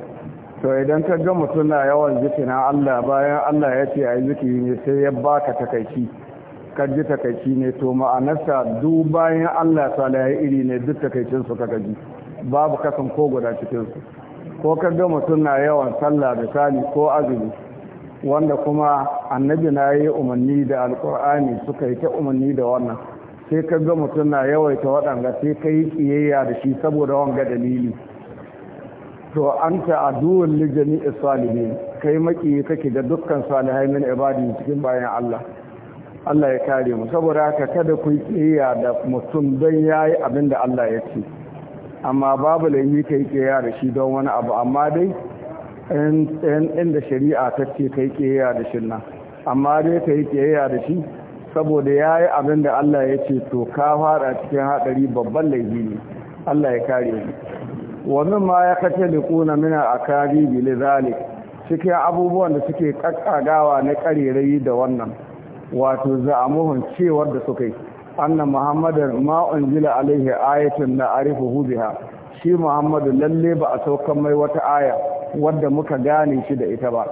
to idan ka ga mutum na yawan zikina Allah bayan Allah ya ce a yi zikin ne sai ya ba ka takaici ka ji takaici ne to ma'anarsa duk bayan Allah ta laye iri ne duk takaicin ka gaji, babu kasan ko guda cikin ko ka ga mutum na yawan sallah da sani ko azumi wanda kuma annabi na yi umarni da alkur'ani suka yi ta umarni da wannan sai ka ga mutum na yawaita waɗanda sai ka yi kiyayya da shi saboda wanga dalili to an ta aduwin lijani isalihi kai maki kake da dukkan salihai min ibadi cikin bayan Allah Allah ya kare mu saboda haka kada ku yi da mutum don yayi abin da Allah ya ce amma babu laifi kai kiyayya da shi don wani abu amma dai inda shari'a ta ce kai kiyayya da shi nan amma dai kai ƙiyayya da shi saboda ya yi abin da Allah ya ce to ka fara cikin haɗari babban laifi ne Allah ya kare ni wannan ma ya kace da kuna mina a kari bile cikin abubuwan da suke kakkagawa na karerai da wannan wato za'amuhun cewar da suka yi anna muhammadan ma unzila alaihi ayatun na arifu Hubiha shi muhammadu lalle ba a saukan mai wata aya wadda muka gane shi da ita ba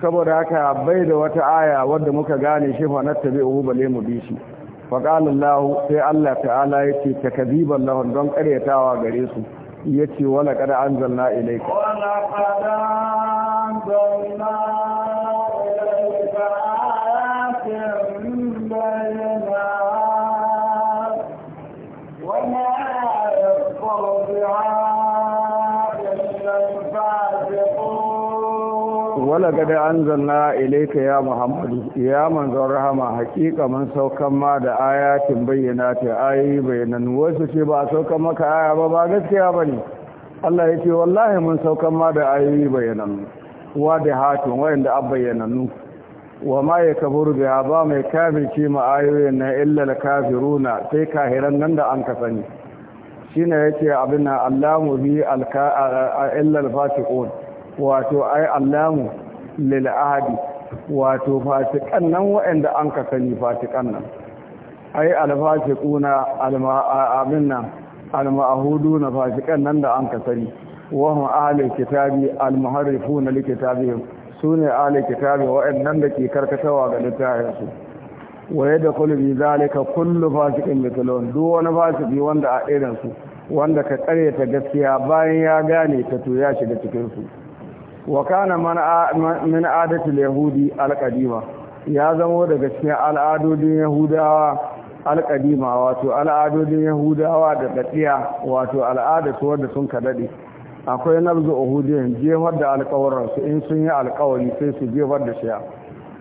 saboda haka bai da wata aya wadda muka gane shi fa na tabi uhu bale mu bi shi fa qala Allah sai Allah ta'ala yace takziban lahum don karyatawa gare su yace wala qad anzalna ilayka wala qad anzalna wala gada an zanna ilaika ya muhammadu ya manzon rahama hakika mun saukan ma da ayatin bayyana ta ayi bayanan wasu ce ba saukan maka aya ba ba gaskiya ba ne Allah ya ce wallahi mun saukan ma da ayi bayanan wa da hatun wayanda an bayyananu wa ma ya kaburu da ba mai kafirci ma ayoyin na illal kafiruna sai kahiran nan da an ka sani shine ce abin na Allahu bi alka illal fasiqun wato ai allamu lil'adi wato fasikan nan waɗanda an ka sani fasikan nan ai alfasiquna alma'amina na fasikan nan da an ka sani wa hum ahli kitabi almuharrifuna likitabihim sune ahli kitabi wa'annan da ke karkatawa ga littafinsu waye da kulli zalika kullu fasikin mithlun duk wani fasiki wanda a irin su wanda ka karyata gaskiya bayan ya gane ta to ya shiga cikin su wa kana min adatul yahudi alqadima ya zamo daga cikin al'adodin yahudawa alqadima wato al'adodin yahudawa da dadiya wato al'ada su wanda sun kadade akwai nabzu uhudin jefar da alƙawarin su in sun yi alƙawari sai su jefar da shiya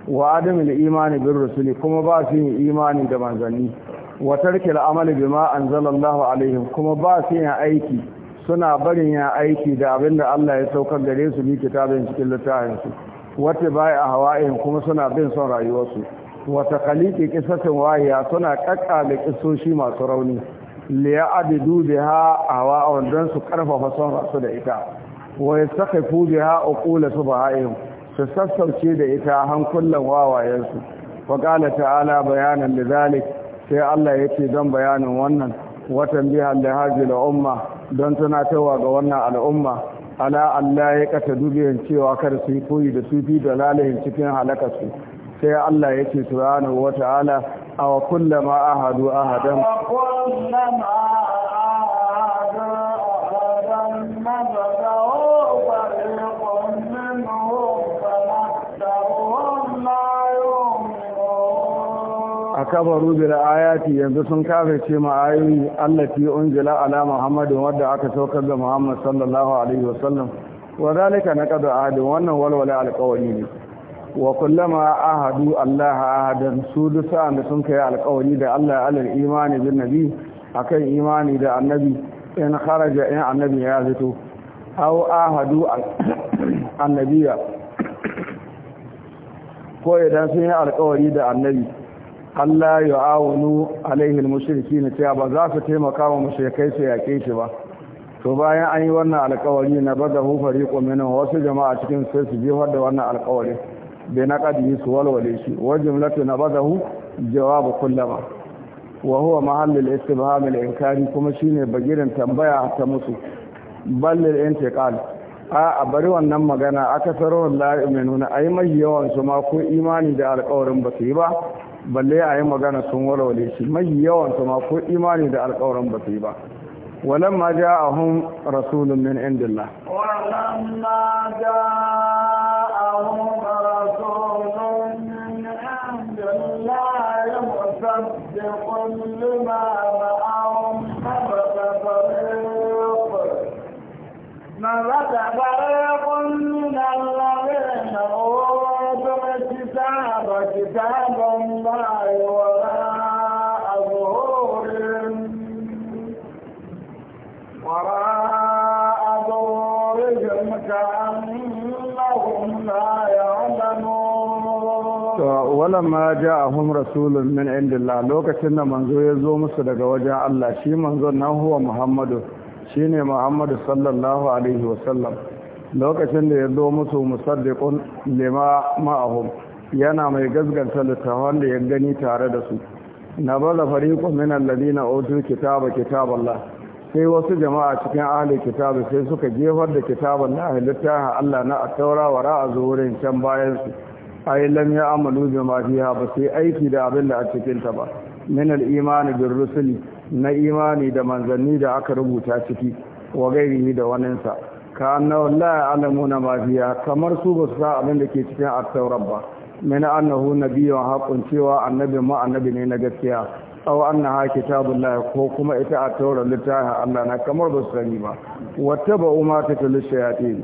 wa adamul imani bir rusuli kuma ba su yin imani da manzanni wa tarkil amali bima anzalallahu alaihim kuma ba su yin aiki suna barin ya aiki da abin da Allah ya saukar gare su ni kitabin cikin littafin su wata baya a hawa'in kuma suna bin son rayuwarsu wata kaliki kisasin wahiya suna kakka da kisoshi masu rauni liya abidu biha hawa'un don su karfafa son rasu da ita wa yastakhifu biha uqula subha'ihim su sassauce da ita hankulan wawayensu wa qala ta'ala bayanan lidhalik sai Allah yace don bayanin wannan watan biha da hadhihi umma don tunatarwa ga wannan al'umma ala Allah ya kata dubiyan cewa kar su yi koyi da sufi da lalahin cikin halakarsu sai Allah ya ce subhanahu wa ta'ala wa kullama ahadu ahadan kullama ahadu ahadan Kabaru bil ayati yanzu sun kafirce ma ayoyi allati unzila ala muhammad wadda aka saukar da muhammad sallallahu alaihi wasallam wa zalika naqadu ahadin wannan walwala alqawli ne wa kullama ahadu allaha ahadan su duk sa'an sun kai alqawli da allah alal imani bin nabi akan imani da annabi in kharaja in annabi ya zato? aw ahadu annabiya ko idan sun yi alkawari da annabi Allah ya awunu alaihi mushriki na cewa ba za su taimaka wa mushrikai su yaƙe shi ba to bayan an yi wannan alƙawari na bada hu fariqu min wasu jama'a cikin sai su jefar da wannan alƙawari bai na kadi su walwale shi wa jumlatu na bada hu jawabu kullama wa huwa mahallul istibham al inkari kuma shine bagirin tambaya ta musu ballil intiqal a a bari wannan magana aka saro wallahi na ai mai yawan su ma ko imani da alƙawarin ba su yi ba balle a yi magana sun walwale shi mai yawan su ma ko imani da ba su yi ba ولما جاءهم رسول من عند الله ولما جاءهم رسول من عند الله كل ما معهم نبت فريق نبت فريق من الذين اوتوا الكتاب كتاب walamma ja'ahum rasulun min indillah lokacin da manzo ya zo musu daga wajen Allah shi manzon nan huwa Muhammadu shine Muhammadu sallallahu alaihi wasallam lokacin da ya zo musu musaddiqun lima ma'ahum yana mai gasganta littafan da ya gani tare da su na nabala fariqun min alladhina utul kitaba kitaballah sai wasu jama'a cikin ahli kitabu sai suka jefar da kitaban na littafin Allah na at-taura wa ra'a zuhurin can bayan ai lam ya amalu bi ma fiha ba sai aiki da abin da a cikin ta ba min al imani bir rusuli na imani da manzanni da aka rubuta ciki wa gairihi da waninsa ka annahu la na ma fiha kamar su ba sa abin da ke cikin at-taurat ba min annahu nabiyyun haqqun cewa annabi ma annabi ne na gaskiya aw ha kitabullah ko kuma ita at-taurat littafin Allah na kamar ba su sani ba wattaba umma ta shayatin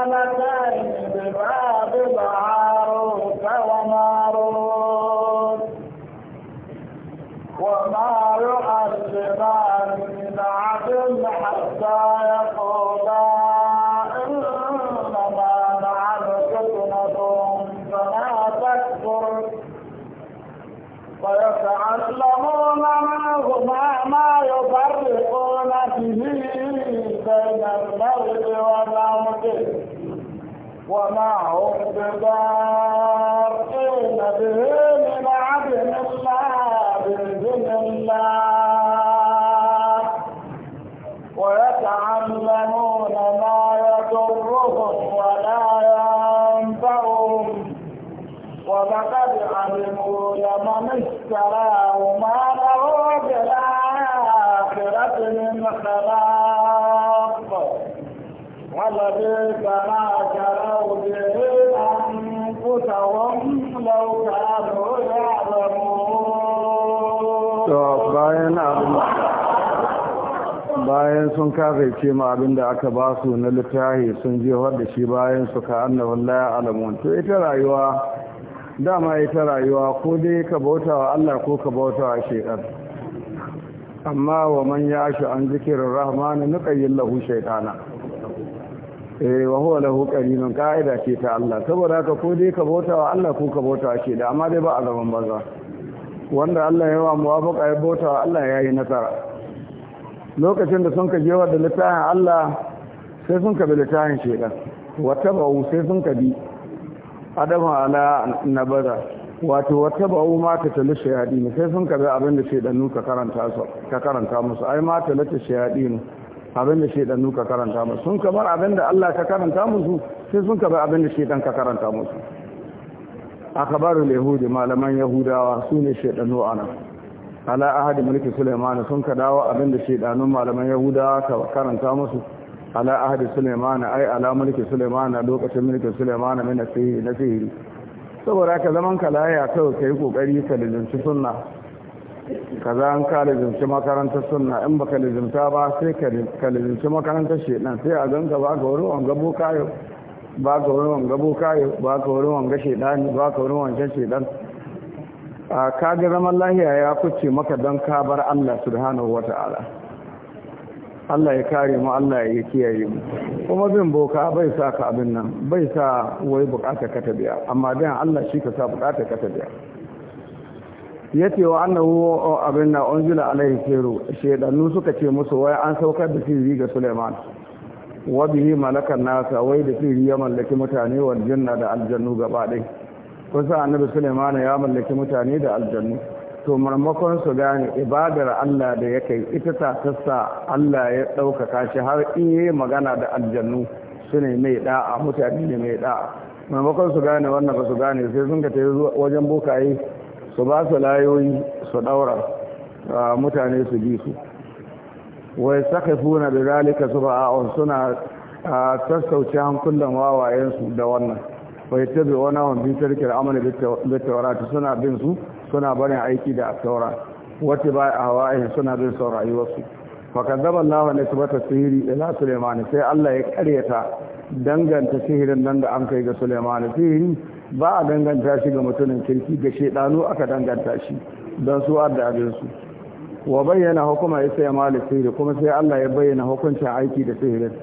ملكين بباب العاروس وماروت وما يعلمان من عدل حتى يقولا إنما نحن فتنة فلا تكفر فيتعلمون منهما ما يفرقون به بين المرء وزوجه وما هم إلا به من عدن الله بإذن الله ويتعلمون ما يضرهم ولا ينفعهم ولقد علموا لمن اشتراه ما له بالآخرة من خلاق ولبئس ما bayan sun ce ma abin da aka ba su na littahi sun je da shi bayan su ka annabin laya alamun to ita rayuwa dama ita rayuwa ko dai ka bauta wa Allah ko ka bauta wa shaitan amma wa man ya shi an zikirin rahman nuqayyil lahu shaytana eh wa huwa lahu qarinun qaida ce ta Allah saboda ka ko dai ka bauta wa Allah ko ka bauta wa shaitan amma dai ba a zaman banza wanda Allah ya wa muwafaqa ya bauta wa Allah yayi nasara lokacin da sun ka jewa da littafin Allah sai sun ka bi littafin shaidan wata ba'u sai sun ka bi adamu ala nabaza wato wata ba'u ma ta tali ne sai sun ka bi abin da shaidannu ka karanta musu ai ma talata shayadi ne abin da shaidannu ka karanta musu sun ka bar abin da Allah ka karanta musu sai sun ka bi abin da shaidan ka karanta musu akabarul yahudi malaman yahudawa su ne shaidannu anan ala ahadi mulki Sulaiman sun ka dawo abinda shedanun malaman Yahuda ka karanta musu ala ahadi Sulaiman ai ala mulki Sulaiman lokacin mulki Sulaiman min na sihiri saboda ka zaman ka laya kawai kai kokari ka lizinci sunna kaza an ka lizinci makarantar sunna in baka lizinta ba sai ka lizinci makarantar shedan sai a ganka ba ka wuri wanga bokayo ba ka wuri wanga bokayo ba ka wuri wanga shedani ba ka wuri wancan shedani a kaga zaman lahiya ya kuce maka don ka bar Allah subhanahu wa ta'ala Allah ya kare mu Allah ya kiyaye mu kuma bin boka bai sa ka abin nan bai sa wai bukata ka tabiya amma dan Allah shi ka sa bukata ka tabiya yace wa annahu abin na unzila alaihi siru shedanu suka ce musu wai an saukar da sirri ga Sulaiman wa bihi malakan nasa wai da sirri ya mallaki mutane wal janna da aljannu gaba ɗaya kusa annabi sulemana ya mallaki mutane da aljannu to marmakon su gane ibadar Allah da ya kai ita ta sassa Allah ya ɗaukaka shi har in yi magana da aljannu su ne mai da'a mutane ne mai da'a marmakon su gane wannan ba su gane sai sun ka wajen bokaye su ba su layoyi su ɗaura mutane su bi su wai saka funa da zalika su ba'a suna sassauce hankulan wawayensu da wannan wa yattabi'una hum fi tarkil amali bit tawrat suna bin su suna barin aiki da tawrat wata ba hawaye suna bin son rayuwarsu fa kadzaba Allah ne subata sihiri ila Sulaiman sai Allah ya karyata danganta sihirin nan da an kai ga Sulaiman sihiri ba a danganta shi ga mutumin kirki ga shedanu aka danganta shi don su adda abin su wa bayyana hukuma ya sai mali sihiri kuma sai Allah ya bayyana hukuncin aiki da sihirin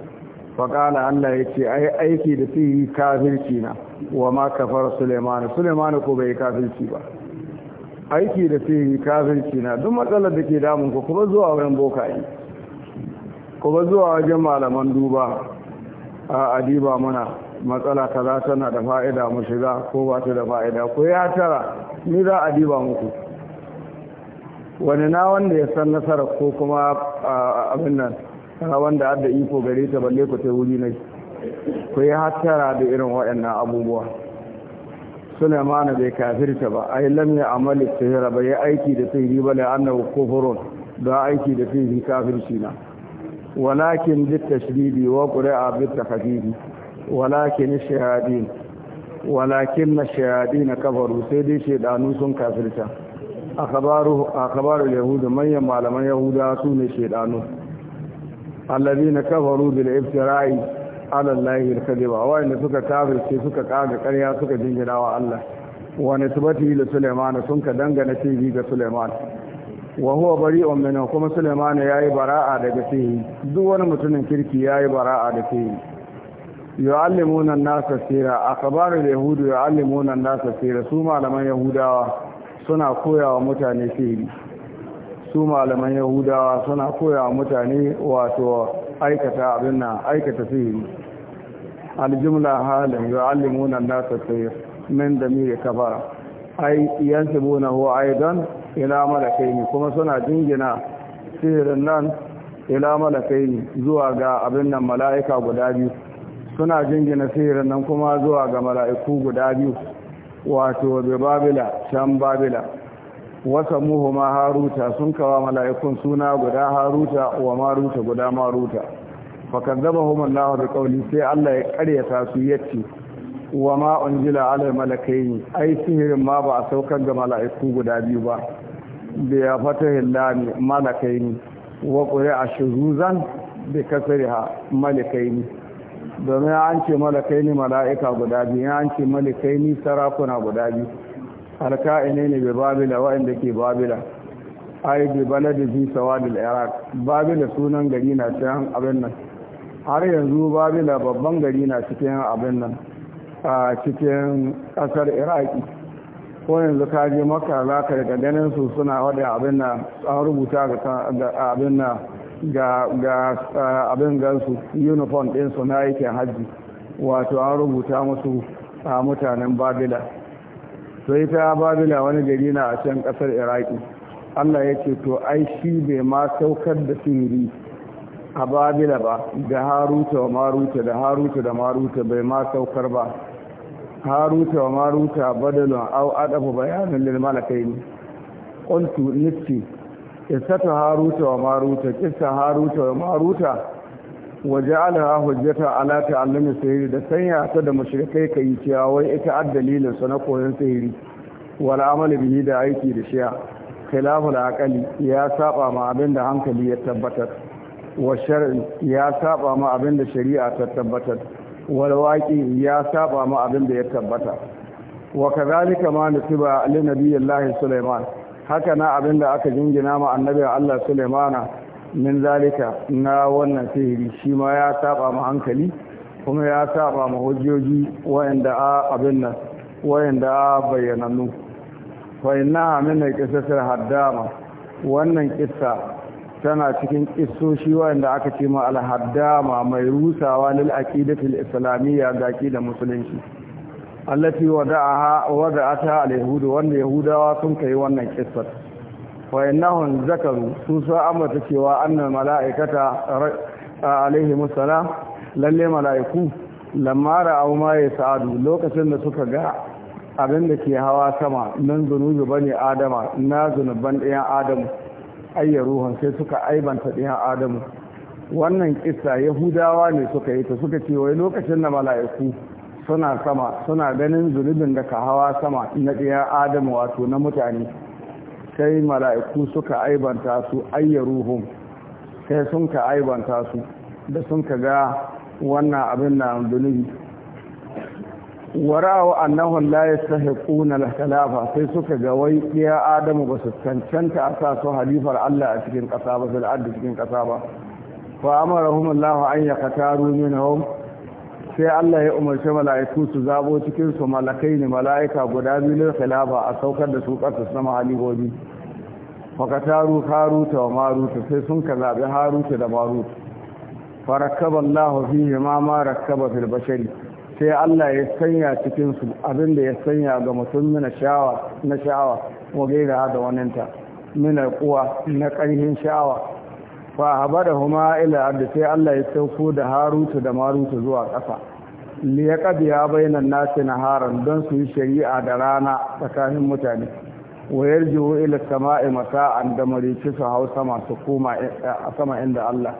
faƙala Allah ya ce ai aiki da sihiri kafirci na wa ma kafar suleimanu suleimanu ko bai kafinci ba aiki da sihiri kafinci na duk matsalar da ke damun ku kuma zuwa wurin bokaye kuma zuwa wajen malaman duba a adiba mana matsala ta kaza tana da fa'ida mu shiga ko ba ta da fa'ida ko ya tara ni za a diba muku wani na wanda ya san nasarar ko kuma abin nan wanda adda iko gare ta balle ku ta wuri na ku yi hattara da irin waɗannan abubuwa Sulemana bai kafirta ba ai lam ya amali sihira bai yi aiki da sihiri ba la annahu kufurun don aiki da sihiri kafirci na walakin bit tashdidi wa bi bit takhfifi walakin shahadin walakin na na kafaru sai dai shaidanu sun kafirta a kabarul yahudu manyan malaman yahuda su ne shaidanu allazi na kafaru bil iftira'i alallahi alkadiba wanda suka tabirce suka kaga ƙarya suka jingina wa Allah wani tubati da Sulaiman sun ka dangana tibi ga Sulaiman wa huwa bari'un minhu kuma Sulaiman yayi bara'a daga shi duk wani mutumin kirki yayi bara'a da shi yu'allimuna an-nasa sirra akhbaru al-yahud yu'allimuna an-nasa sirra su malaman yahudawa suna koyawa mutane sirri su malaman yahudawa suna koyawa mutane wato aikata abin nan aikata sirri aljumla halin yu'allimuna an-nasa sayr min damiri kabara ai yansibuna hu aidan ila malakaini kuma suna jingina sihirin nan ila malakaini zuwa ga abin nan mala'ika guda biyu suna jingina sihirin nan kuma zuwa ga mala'iku guda biyu wato bi babila can babila wasa muhu ma haruta sun kawa mala'ikun suna guda haruta wa maruta guda maruta fakazzabahum Allah bi qawli sai Allah ya karyata su yace wa ma unzila ala malakaini ai sihirin ma ba a saukar ga mala'iku guda biyu ba bi ya ne. lami malakaini wa qur'a shuzuzan bi kasriha malakaini domin an ce malakaini mala'ika guda biyu an ce malakaini sarakuna guda biyu alka'ine ne bi babila wa'anda ke babila ai bi baladi fi sawadil iraq babila sunan gari na can abin nan har yanzu babila babban gari na cikin abin nan a cikin kasar iraki ko yanzu ka je maka za ka daga ganin su suna wada abin nan an rubuta ga abin nan ga abin gansu uniform su na aikin hajji wato an rubuta musu a mutanen babila to ita babila wani gari na a can ƙasar iraki allah ya ce to ai shi bai ma saukar da sihiri a babila ba da haruta wa maruta da haruta da maruta bai ma saukar ba haruta wa maruta badalun au adabu bayanin lil ne qultu nitti isata haruta wa maruta kisa haruta wa maruta wa hujjata ala ta'allumi sihiri da sanya ta da mushrikai kai cewa wai ita ad su na koyon sihiri wal amali bihi da aiki da shiya khilaful aqali ya saba ma abinda hankali ya tabbatar wa shar'i ya saba ma abin da shari'a ta tabbatar wal waqi ya saba ma abin da ya tabbata wa kazalika ma nusiba li nabiyillahi sulaiman haka na abin da aka jingina ma annabi Allah sulaimana min zalika na wannan sihiri shi ma ya saba ma hankali kuma ya saba ma hujjoji wayanda a abin nan wayanda a bayyanannu fa inna min haddama wannan kissa tana cikin kisoshi wanda aka ce ma alhaddama mai rusawa lil aqidatul islamiyya ga da musulunci allati wada'aha wada'ata al-yahud wanda yahudawa sun kai wannan kissa wa innahum zakaru su sa amata cewa annal mala'ikata alaihi musallam lalle mala'iku lamma ra'aw ma yas'adu lokacin da suka ga abin da ke hawa sama nan zunubi bane adama na zunuban ɗayan adamu ruhun sai suka aibanta ɗiyan adamu wannan kissa yahudawa ne suka yi ta suka ce wai lokacin da mala'iku suna sama suna ganin zunubin da ka hawa sama na ɗiyan adamu wato na mutane sai mala'iku suka aibanta su ruhun sai sun ka aibanta su da sun ka ga wannan abin na zunubi wara'u annahu la yastahiquna al-khilafa sai suka ga wai ya adamu ba su cancanta a sa su halifar Allah a cikin kasa ba fil ardi cikin kasa ba fa amarahum Allah an yaqtaru minhum sai Allah ya umarci mala'iku su zabo cikin su malakai ne mala'ika guda biyu na khilafa a saukar da su kasa sama halibobi fa kataru haruta wa maruta sai sun ka zabi haruta da maruta fa rakkaba Allah fihi ma ma rakkaba fil bashari sai Allah ya sanya cikinsu abin da ya sanya ga mutum na sha'awa na sha'awa wa gaira da waninta mina kuwa na ƙarfin sha'awa fa haba da huma ila abda sai Allah ya sauko da harutu da marutu zuwa ƙasa li ya qadiya bainan nasi haran don su yi shari'a da rana tsakanin mutane Wayar yarji'u ila sama'i masa'an da marici su hau sama su koma eh, a sama inda Allah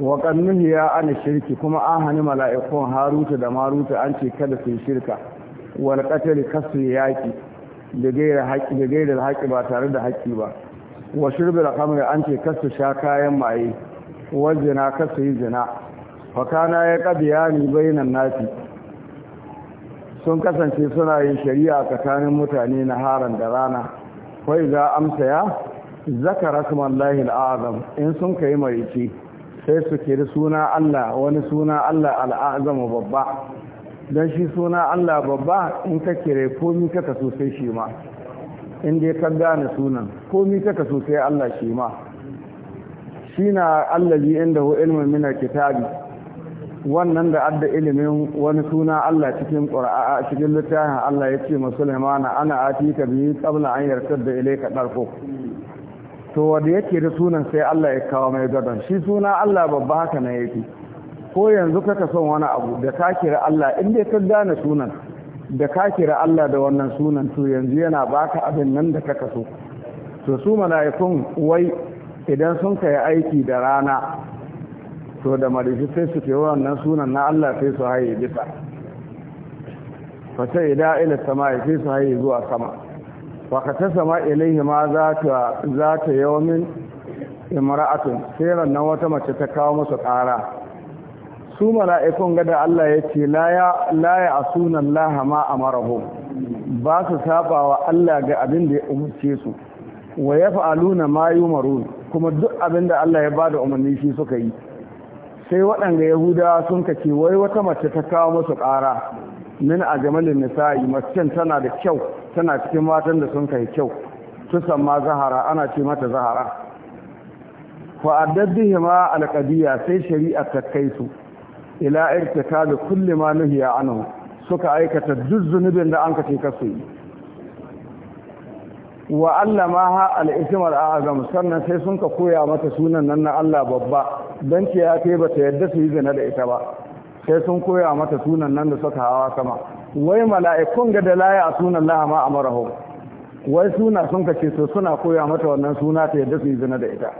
wa ya ana shirki kuma an hani mala'ikun haruta da maruta an ce kada su shirka wal qatl kasu yaki da gaira haƙi da haƙi ba tare da haƙi ba wa da khamr an ce kasu sha kayan maye wa zina kasu yi zina fa kana ya qadiyani bainan nasi sun kasance suna yin shari'a tsakanin mutane na haran da rana Kwai za amsa ya zakara kuma Allahil azam in sun kai marice sai su kiri suna Allah wani suna Allah al'azama babba don shi suna Allah babba in ka kire komi ka kaso sai shi ma in dai ka gane sunan komi ka kaso sai Allah shi ma shi na allabi inda hu ilmin minar kitabi wannan da adda ilimin wani suna Allah cikin qur'a cikin littafin Allah yace ma Sulaiman ana atika bi qabla an yartadda ilayka darfuk to wanda yake da sunan sai Allah ya kawo mai gadon shi suna Allah babba haka na yake ko yanzu kaka son wani abu da ka kira Allah in dai ka gane sunan da ka kira Allah da wannan sunan to yanzu yana baka abin nan da kaka so to su mala'ikun wai idan sun kai aiki da rana to da marifi sai su ke wannan sunan na Allah sai su haye bisa fa sai ila sama sai su haye zuwa sama wakata sama ilaihi ma za ta yawamin imra'atun sai rannan wata mace ta kawo masa ƙara su mala'ikun gada Allah ya ce la a sunan Lahama a amarahu ba su wa Allah ga abin da ya umarce su wa ya fa'aluna ma marun kuma duk abin da Allah ya da umarni shi suka yi sai waɗanda yahudawa sun kace wai wata mace ta kawo musu ƙara min a jamalin nisa'i mace tana da kyau tana cikin matan da sun kai kyau tusan ma zahara ana ce mata zahara fa'addadihi ma alƙadiyya sai shari'a ta kai su ila irtika da kulli ma nahiya anhu suka aikata duk zunubin da an kace kasu yi wa allama ha al azam sannan sai sun ka koya mata sunan nan na Allah babba dan ce ya kai bata yadda su yi zina da ita ba sai sun koya mata sunan nan da suka hawa sama wai mala'ikun ga da laye a sunan lahama a marahu wai suna sun kace su suna koya mata wannan suna ta yadda su yi zina da ita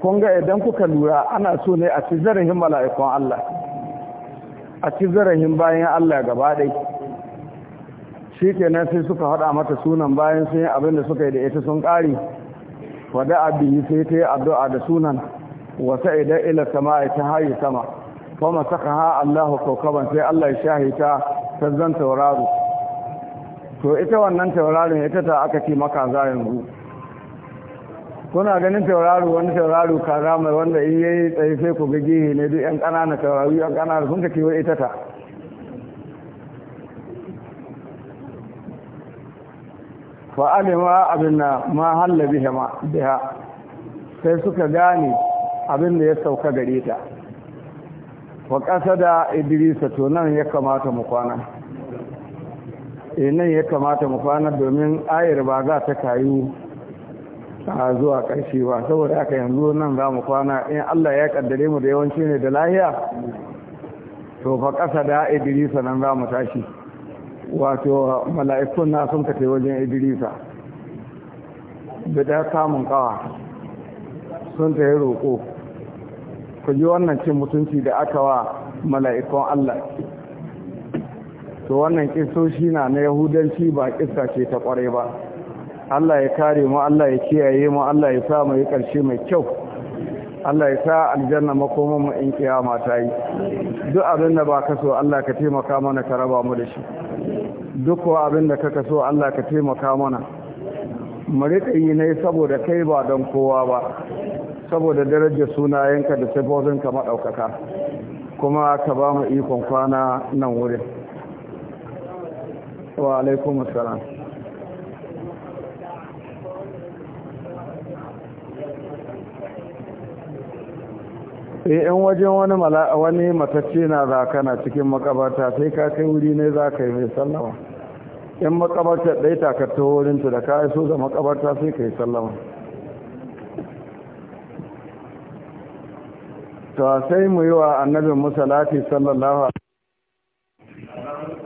kun ga idan kuka lura ana so ne a ci zarafin mala'ikun Allah a ci zarafin bayan Allah gaba dai shi kenan sai suka haɗa mata sunan bayan sun yi abin da suka yi da ita sun ƙari wadda abin sai ta yi addu'a da sunan wasa idan ila sama ta haye sama saka ha Allah kawkaban sai Allah ya shahita zan tauraro to ita wannan tauraron ita ta aka ce maka za yanzu kuna ganin tauraro wani tauraro kaza mai wanda in yayi tsaye sai ku ga gihe ne duk yan kanana tauraro yan kanana kun ka ita ta fa alima na ma halla biha sai suka gane abin da ya sauka gare ta wa ƙasa da idirisa to nan ya kamata mu kwana inan eh, ya kamata mu kwana domin ayar ba za ta kayu a zuwa ƙarshe ba saboda haka yanzu nan za mu kwana in allah ya ƙaddare mu da yawanci ne da lahiya to fa ƙasa da idirisa nan za mu tashi wato mala'ikun na sun kace wajen idrisa da samun kawa sun ta yi roƙo ku ji wannan cin mutunci da aka wa mala’ikon Allah to wannan kisoshi na na yahudanci ba kisa ce ta ƙware ba Allah ya kare mu Allah ya kiyaye mu Allah ya sa mu yi karshe mai kyau Allah ya sa aljanna makoma mu in kiyama ta yi duk abin da ba ka so Allah ka taimaka mana ka raba mu da shi duk ko abin da ka so Allah ka taimaka mana mu ne saboda kai ba don kowa ba saboda darajar sunayenka da sifofinka maɗaukaka kuma ka ba mu ikon kwana nan wurin wa alaikum assalam eh, in wajen wani wani matacce na za kana cikin makabarta sai ka kai wuri ne za ka yi mai sallama in makabarta ɗaya takarta wurinta da ka iso ga makabarta sai ka yi sallama to sai mu yi wa annabin musalati sallallahu alaihi